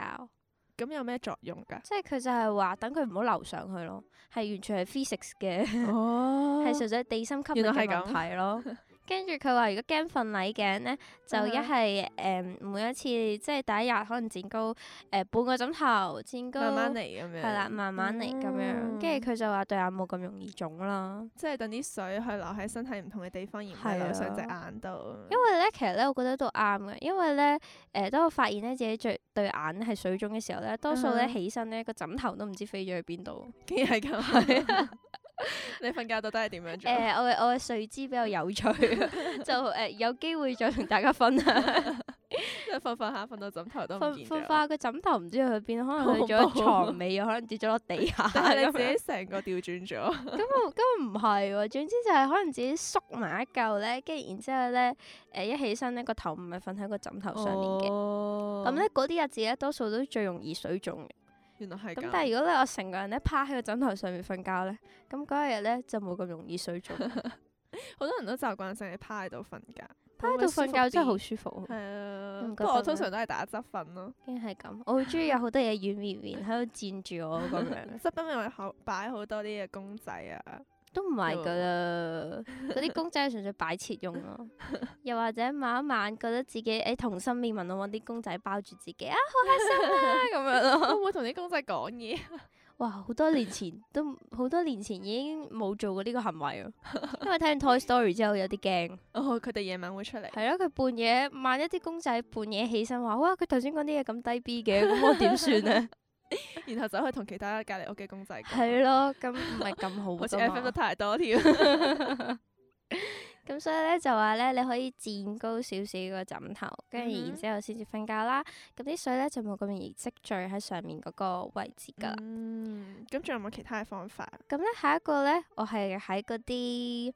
咁、嗯、哼有咩作用㗎？即係佢就係話等佢唔好流上去咯，係完全係 physics 嘅，係實在地心吸力嘅咁睇咯。 跟住佢話，如果驚瞓捩頸咧，uh huh. 就一係誒每一次，即係第一日可能剪高誒、呃、半個枕頭，剪高，慢慢嚟咁樣，係啦，慢慢嚟咁樣。跟住佢就話對眼冇咁容易腫啦，即係等啲水去流喺身體唔同嘅地方，Yeah. 然後流上隻眼度。因為咧，其實咧，我覺得都啱嘅，因為咧，誒、呃、當我發現咧自己對眼係水腫嘅時候咧，多數咧、uh huh. 起身咧個枕頭都唔知飛咗去邊度，竟然係咁。你瞓覺到底係點樣做？誒、呃，我嘅我嘅睡姿比較有趣， 就誒、呃、有機會再同大家分下。 瞓瞓下，瞓到枕頭都唔見咗。瞓下個枕頭唔知去邊，可能去咗床、床尾，又可能跌咗落地下。但係你自己成個調轉咗。根本根本唔係，總之就係可能自己縮埋一嚿咧，跟然之後咧，誒、呃、一起身咧個頭唔係瞓喺個枕頭上面嘅。咁咧嗰啲日子咧，多數都最容易水腫嘅。原來係咁，但係如果你我成個人咧趴喺個枕頭上面瞓覺咧，咁嗰日咧就冇咁容易睡著。好 多人都習慣性係趴喺度瞓覺，趴喺度瞓覺真係好舒服。係啊，不，不過我通常都係打側瞓咯。竟然係咁，我好中意有好多嘢軟綿綿喺度纏住我咁樣。側瞓咪好擺好多啲嘅公仔啊～都唔係噶啦，嗰啲 公仔純粹擺設用咯， 又或者晚一晚覺得自己誒童心未泯，我揾啲公仔包住自己啊，好開心、啊、 樣啦咁樣咯，會唔會同啲公仔講嘢？哇，好多年前都好多年前已經冇做過呢個行為咯， 因為睇完 Toy Story 之後有啲驚。哦，佢哋夜晚會出嚟。係啊，佢半夜，萬一啲公仔半夜起身話，哇，佢頭先講啲嘢咁低 B 嘅，咁我點算咧？ 然後就可以同其他隔籬屋嘅公仔係咯，咁唔係咁好。 好似瞓得太多條。咁所以咧就話咧，你可以墊高少少個枕頭，跟住然之後先至瞓覺啦。咁啲水咧就冇咁容易積聚喺上面嗰個位置噶啦。嗯。咁仲有冇其他嘅方法？咁咧下一個咧，我係喺嗰啲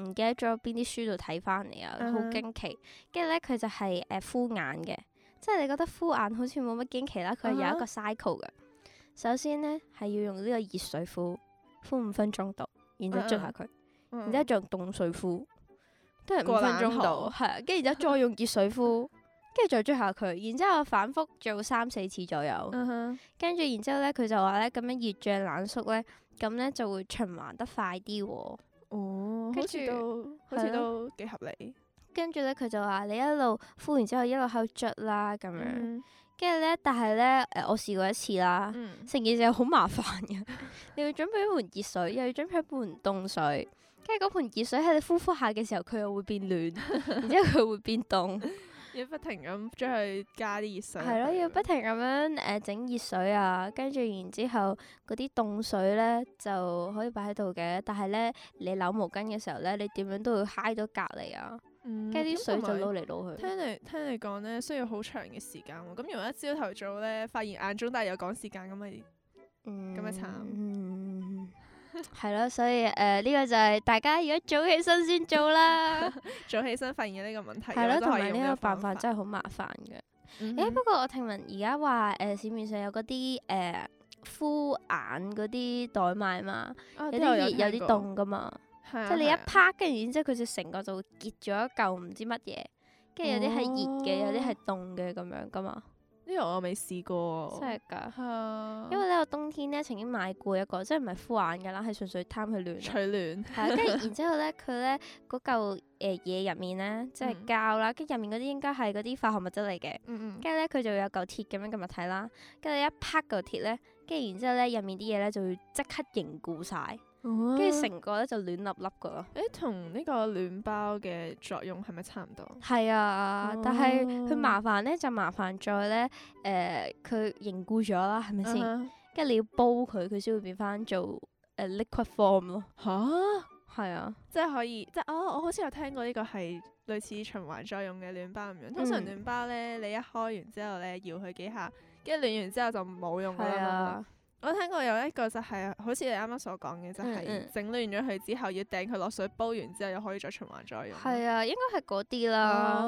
唔記得咗邊啲書度睇翻嚟啊，好驚、嗯、奇。跟住咧佢就係、是、誒、呃、敷眼嘅。即係你覺得敷眼好似冇乜驚奇啦，佢係有一個 cycle 嘅。Uh huh. 首先咧係要用呢個熱水敷，敷五分鐘度，然後捽下佢，uh huh. 然之後再用凍水敷，都係五分鐘度，係過冷，跟住之後就再用熱水敷，跟住 再捽下佢，然之後反覆做三四次左右。跟住，uh huh. 然之後咧，佢就話咧咁樣熱脹冷縮咧，咁咧就會循環得快啲。哦。哦，好似都 好似都幾合理。 跟住咧，佢就話：你一路敷完之後，一路喺度捽啦咁樣。跟住咧，但係咧，誒，我試過一次啦，成、嗯、件事好麻煩嘅。 你要準備一盆熱水，又要準備一盆凍水。跟住嗰盆熱水喺你敷敷下嘅時候，佢又會變暖， 然之後佢會變凍、 啊，要不停咁出去加啲熱水。係、呃、咯，要不停咁樣誒整熱水啊。跟住然之後，嗰啲凍水咧就可以擺喺度嘅。但係咧，你扭毛巾嘅時候咧，你點樣都會揩到隔離啊。加啲、嗯、水就撈嚟撈去有聽，聽你聽你講咧需要好長嘅時間，咁如果一朝頭早咧發現眼腫有趕時間，但係又趕時間咁咪，咁咪慘，係咯，所以誒呢、呃這個就係大家如果早起身先做啦， 早起身發現呢個問題係咯，同埋呢個辦法真係好麻煩嘅。誒、嗯哼欸，不過我聽聞而家話誒市面上有嗰啲誒敷眼嗰啲袋賣嘛，啊、有啲熱有啲凍噶嘛。啊即係你一拍，跟住、啊、然之後佢、啊、就成個就會結咗一嚿唔知乜嘢，跟住有啲係熱嘅，哦、有啲係凍嘅咁樣噶嘛？呢個我未試過，真係噶，啊、因為咧我冬天咧曾經買過一個，即係唔係敷眼噶啦，係純粹貪佢水暖，取 暖。係，跟、那、住、個呃就是嗯、然之後咧，佢咧嗰嚿誒嘢入面咧即係膠啦，跟住入面嗰啲應該係嗰啲化學物質嚟嘅。嗯嗯。跟住咧佢就有嚿鐵咁樣嘅物體啦，跟住一拍嚿鐵咧，跟住然之後咧入面啲嘢咧就會即刻凝固晒。跟住成個咧就攣粒粒噶咯，誒同呢個暖包嘅作用係咪差唔多？係啊，oh. 但係佢麻煩咧就麻煩在咧，誒、呃、佢凝固咗啦，係咪先？跟住、uh huh. 你要煲佢，佢先會變翻做、呃、liquid form 咯。吓？係啊，啊即係可以，即係哦，我好似有聽過呢個係類似循環作用嘅暖包咁樣。嗯、通常暖包咧，你一開完之後咧搖佢幾下，跟住暖完之後就冇用啦。我聽過有一個就係、是、好似你啱啱所講嘅，就係、是、整、嗯嗯、亂咗佢之後，要掟佢落水煲完之後，又可以再循環再用。係啊，應該係嗰啲啦。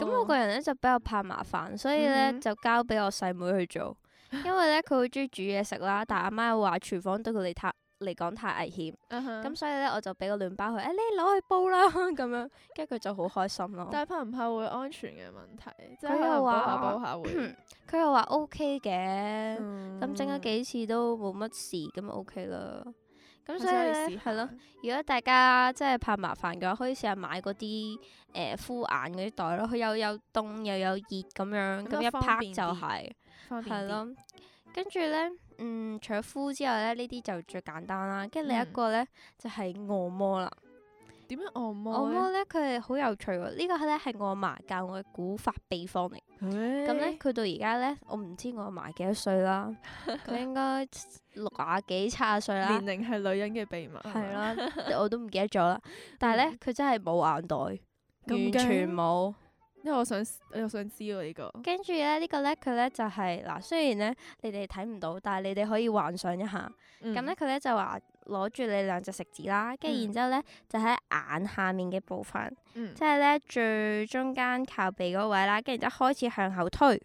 咁、哦、我個人咧就比較怕麻煩，所以咧、嗯、就交俾我細妹，妹去做，因為咧佢好中意煮嘢食啦。 但阿媽又話廚房多過你，他。嚟講太危險，咁、uh huh. 所以咧我就俾個暖包佢，誒、哎、你攞去煲啦咁樣，跟住佢就好開心咯。但係怕唔怕會安全嘅問題？即係佢又話我，佢 又話 O K 嘅，咁整咗幾次都冇乜事，咁就 O K 啦。咁所以咧係咯，如果大家即係怕麻煩嘅話，可以試下買嗰啲誒敷眼嗰啲袋咯，佢又有凍又有熱咁樣，咁一拍就係係咯，跟住咧。嗯、除咗敷之外咧，呢啲就最簡單啦。跟住另一個呢，嗯、就係按摩啦。點樣按摩？按摩呢，佢係好有趣喎。這個、呢個咧係我嫲教我嘅古法秘方嚟。咁呢嘿，佢、嗯、到而家呢，我唔知我阿嫲幾多歲啦。佢 應該六啊幾七啊歲啦。 年齡係女人嘅秘密。係啦吧， 我都唔記得咗啦。但係呢，佢、嗯、真係冇眼袋，完全冇。因為我想，我想知喎、啊、呢個。跟住咧，呢個呢，佢呢就係、是、嗱，雖然呢，你哋睇唔到，但係你哋可以幻想一下。咁、嗯、呢，佢呢就話攞住你兩隻食指啦，跟住然之後咧、嗯、就喺眼下面嘅部分，嗯、即係呢，最中間靠鼻嗰位啦，跟住之後開始向後推。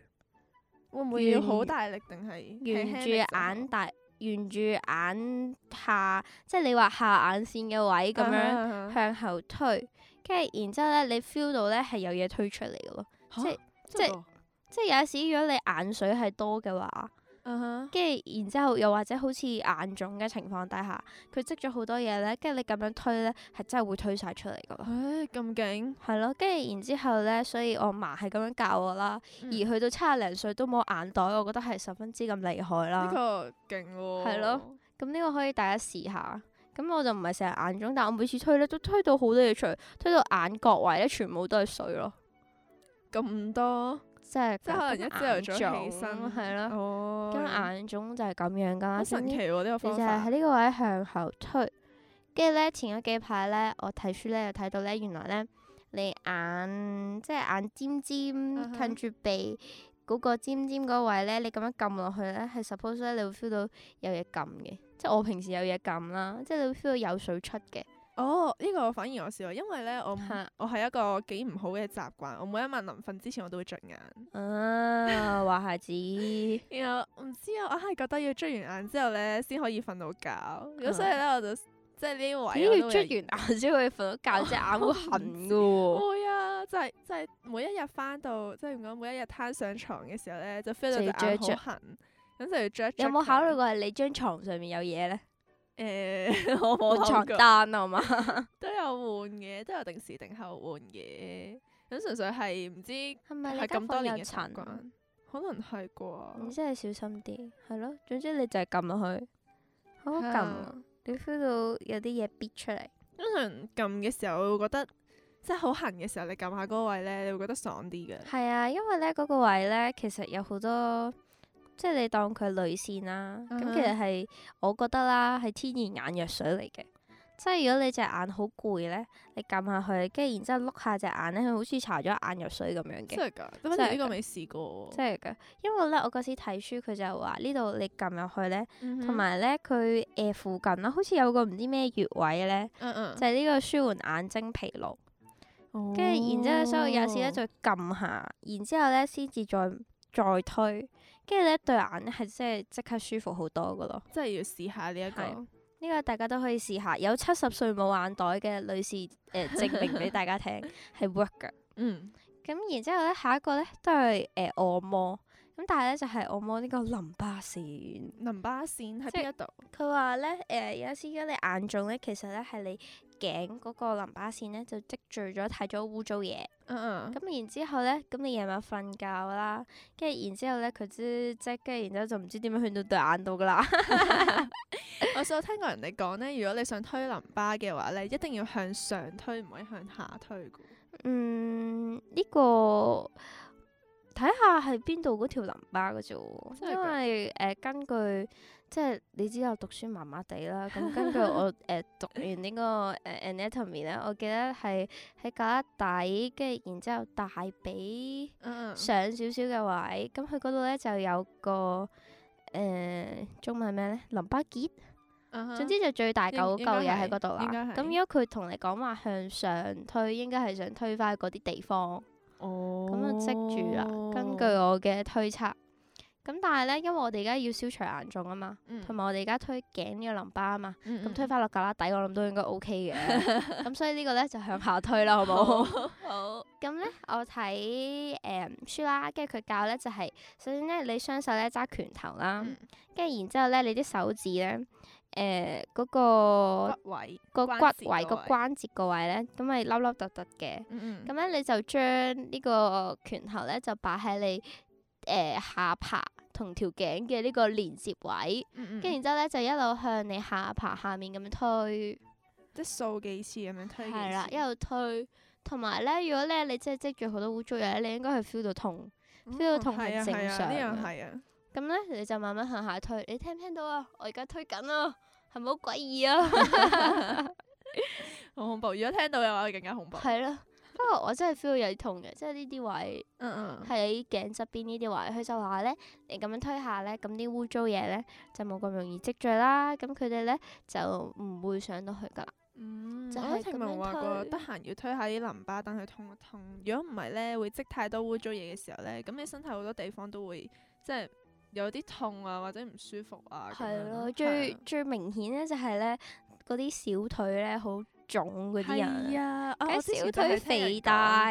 會唔會要好大力定係？遠沿住眼大，沿住眼下，即係你話下眼線嘅位咁樣 uh, uh, uh, uh. 向後推。跟住，然之後咧，你 feel 到咧係有嘢推出嚟嘅咯，即係即係即係有陣時，如果你眼水係多嘅話，跟住、uh，huh. 然之後又或者好似眼腫嘅情況底下，佢積咗好多嘢咧，跟住你咁樣推咧，係真係會推晒出嚟噶咯。唉、欸，咁勁係咯。跟住，然之後咧，所以我嫲係咁樣教我啦。嗯、而去到七廿零歲都冇眼袋，我覺得係十分之咁厲害啦。呢、呢個勁喎。係咯、喔，咁呢個可以大家試下。咁我就唔係成日眼腫，但我每次推咧，都推到好多嘢出，推到眼角位咧，全部都係水咯。咁多，即係即係可能一朝早起身，係咯中。哦，跟眼腫就係咁樣噶啦。嗯、知知神奇喎、啊、呢、呢個方法，係呢個位向後推，跟住咧前嗰幾排咧，我睇書咧又睇到咧，原來咧你眼即係眼尖尖、uh huh. 近住鼻。嗰個尖尖嗰位咧，你咁樣撳落去咧，係 suppose 咧，你會 feel 到有嘢撳嘅，即係我平時有嘢撳啦，即係你會 feel 到有水出嘅。哦，呢、呢個反而我試過，因為咧我、啊、我係一個幾唔好嘅習慣，我每一晚臨瞓之前我都會捽眼。啊，話孩子。 然後唔知啊，我係覺得要捽完眼之後咧，先可以瞓到覺。咁、啊、所以咧，我就。即係呢位，咦？捽完眼先可以瞓到覺，隻眼好痕嘅喎。會啊，即係即係每一日翻到，即係唔好每一日攤上床嘅時候咧，就 feel 到眼好痕。咁就係捽。有冇考慮過係你張床上面有嘢咧？誒，我冇牀單啊嘛，都有換嘅，都有定時定候換嘅。咁純粹係唔知係咁多年嘅習慣，可能係啩。你真係小心啲，係咯。總之你就係撳落去，好好撳。你 feel 到有啲嘢逼出嚟，通常撳嘅時候會覺得即係好痕嘅時候，你撳下嗰個位呢，你會覺得爽啲嘅。係啊，因為呢嗰、嗰個位呢，其實有好多即係你當佢淚腺啦，咁、嗯、其實係我覺得啦，係天然眼藥水嚟嘅。即係如果你隻眼好攰咧，你撳下去，跟住然之後碌下隻眼咧，佢好似搽咗眼藥水咁樣嘅。真係㗎，呢個未試過？真係㗎，因為咧我嗰時睇書佢就話呢度你撳入去咧，同埋咧佢誒附近啦，好似有個唔知咩穴位咧，嗯嗯就係呢個舒緩眼睛疲勞。跟住、哦、然之後，所以有時咧就撳下，然之後咧先至再再推，跟住咧對眼係即係即刻舒服好多噶咯。即係要試下呢一個。呢個大家都可以試下，有七十歲冇眼袋嘅女士誒、呃、證明俾大家聽係 work 㗎。嗯，咁然之後咧，下一個咧都係誒、呃、按摩，咁但係咧就係、是、按摩呢個淋巴線。淋巴線喺邊一度？佢話咧誒，有時咧你眼腫咧，其實咧係你。頸嗰個淋巴線咧就積聚咗太多污糟嘢，咁、uh uh. 然之後咧，咁你夜晚瞓覺啦，跟住然之後咧佢之跟住然之後就唔知點樣去到對眼度噶啦。我仲有聽過人哋講咧，如果你想推淋巴嘅話咧，你一定要向上推，唔可以向下推，嗯，呢、這個。睇下係邊度嗰條淋巴嘅啫喎，因為誒、呃、根據即係、就是、你知道我讀書麻麻地啦，咁、嗯、根據我誒、呃、讀完呢、這個誒 anatomy 咧，呃、Anat omy，我記得係喺胳肋底，跟住然之後大髀上少少嘅位，咁佢嗰度咧就有個誒、呃、中文咩咧淋巴結，總之就最大嚿嗰嚿嘢喺嗰度啦。咁如果佢同你講話向上推，應該係想推返去嗰啲地方。哦，咁啊積住啦。根據我嘅推測，咁但係咧，因為我哋而家要消除眼腫啊嘛，同埋、嗯、我哋而家推頸呢個淋巴啊嘛，咁、嗯嗯、推返落旮旯底，我諗都應該 OK 嘅。咁 所以個呢個咧就向下推啦，好唔好？好。咁咧， 我睇誒、嗯、書啦，跟住佢教咧就係、是、首先咧，你雙手咧揸拳頭啦，跟住、嗯、然之後咧，你啲手指咧。誒，嗰、呃嗰個骨位、個骨位、個關節個位咧，咁咪凹凹凸凸嘅。嗯嗯。咁咧，你就將呢個拳頭咧，就擺喺你誒、呃、下巴同條頸嘅呢個連接位。跟、嗯嗯、然之後咧，就一路向你下巴下面咁樣推。即係數幾次咁樣推幾次。係啦，一路推。同埋咧，如果咧你真係積住好多污糟嘢咧，你應該係 feel 到痛，feel、嗯、到痛係正常。係、嗯、啊。咁咧你就慢慢向下推，你聽唔聽到啊？我而家推緊啊，係咪好詭異啊？ 好恐怖！如果聽到嘅話會更加恐怖。係咯了， 不過我真係 feel 有啲痛嘅，即係呢啲位，嗯嗯，喺頸側邊呢啲位，佢就話咧，你咁樣推下咧，咁啲污糟嘢咧就冇咁容易積聚啦，咁佢哋咧就唔會上到去噶。嗯，我聽聞話過，得閒要推下啲淋巴，等佢痛一痛！如果唔係咧，會積太多污糟嘢嘅時候咧，咁你身體好多地方都會即係。有啲痛啊，或者唔舒服啊，咁樣，係咯，最最明顯咧就係咧，嗰啲小腿咧好腫嗰啲人。啊，我小腿肥大。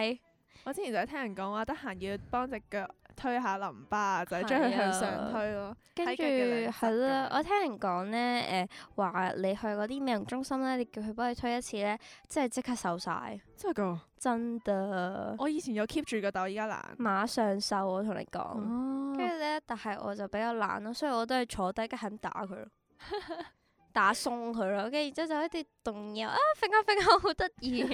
我之前就聽人講話，得閒要幫隻腳。推下淋巴就係將佢向上推咯，跟住係啦。我聽人講咧，誒、呃、話你去嗰啲美容中心咧，你叫佢幫你推一次咧，即係即刻瘦晒。真係噶？這個、真的。我以前有 keep 住噶，但我依家懶。馬上瘦，我同你講。哦。跟住咧，但係我就比較懶咯，所以我都係坐低梗肯打佢咯。打鬆佢咯，跟住然之後就喺度動嘢啊，瞓下瞓下好得意，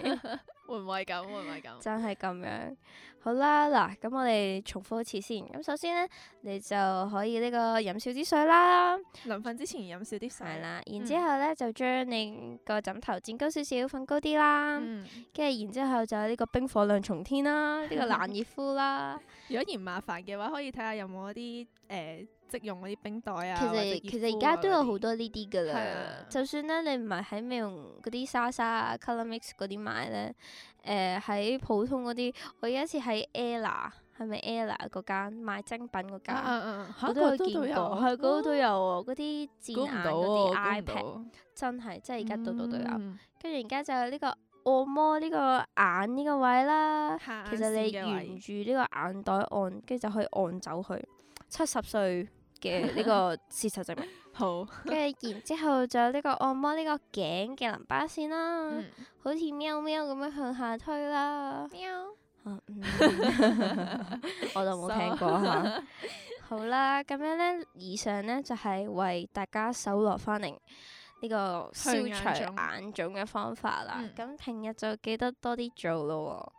會唔會咁？會唔會咁？真係咁樣。好啦，嗱，咁我哋重復一次先。咁首先呢，你就可以呢、這個飲少啲水啦。臨瞓之前飲少啲水。係啦，然之後咧、嗯、就將你個枕頭墊高少少，瞓高啲啦。跟住、嗯，然之後就呢個冰火兩重天啦，呢、這個冷熱敷啦。 如果嫌麻煩嘅話，可以睇下有冇啲誒。呃即用嗰啲冰袋啊，其實其實而家都有好多呢啲㗎啦。就算咧，你唔係喺美容嗰啲莎莎啊、ColorMix 嗰啲買咧，誒、呃、喺普通嗰啲，我有一次喺 Ella，係咪 Ella 嗰間賣精品嗰間，我、啊那個、都有，過。嗰度都有喎，嗰啲鍵眼嗰啲 iPad，真係即係而家度度都有。跟住而家就係呢個按摩呢個眼呢個位啦。位其實你沿住呢個眼袋按，跟住就可以按走佢。七十歲。嘅呢 個事實證明， 好。跟住然之後，仲有呢個按摩呢個頸嘅淋巴腺啦，嗯、好似喵喵咁樣向下推啦。喵。 我就冇聽過嚇。好啦，咁樣咧，以上咧就係、是、為大家搜羅翻嚟呢個消除眼腫嘅方法啦。咁、嗯、平日就記得多啲做咯。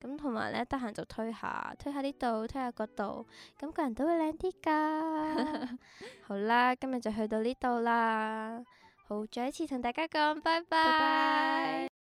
咁同埋咧，得閒就推下，推下呢度，推下嗰度，咁個人都會靚啲噶。 好啦，今日就去到呢度啦，好，再一次同大家講，拜拜。Bye bye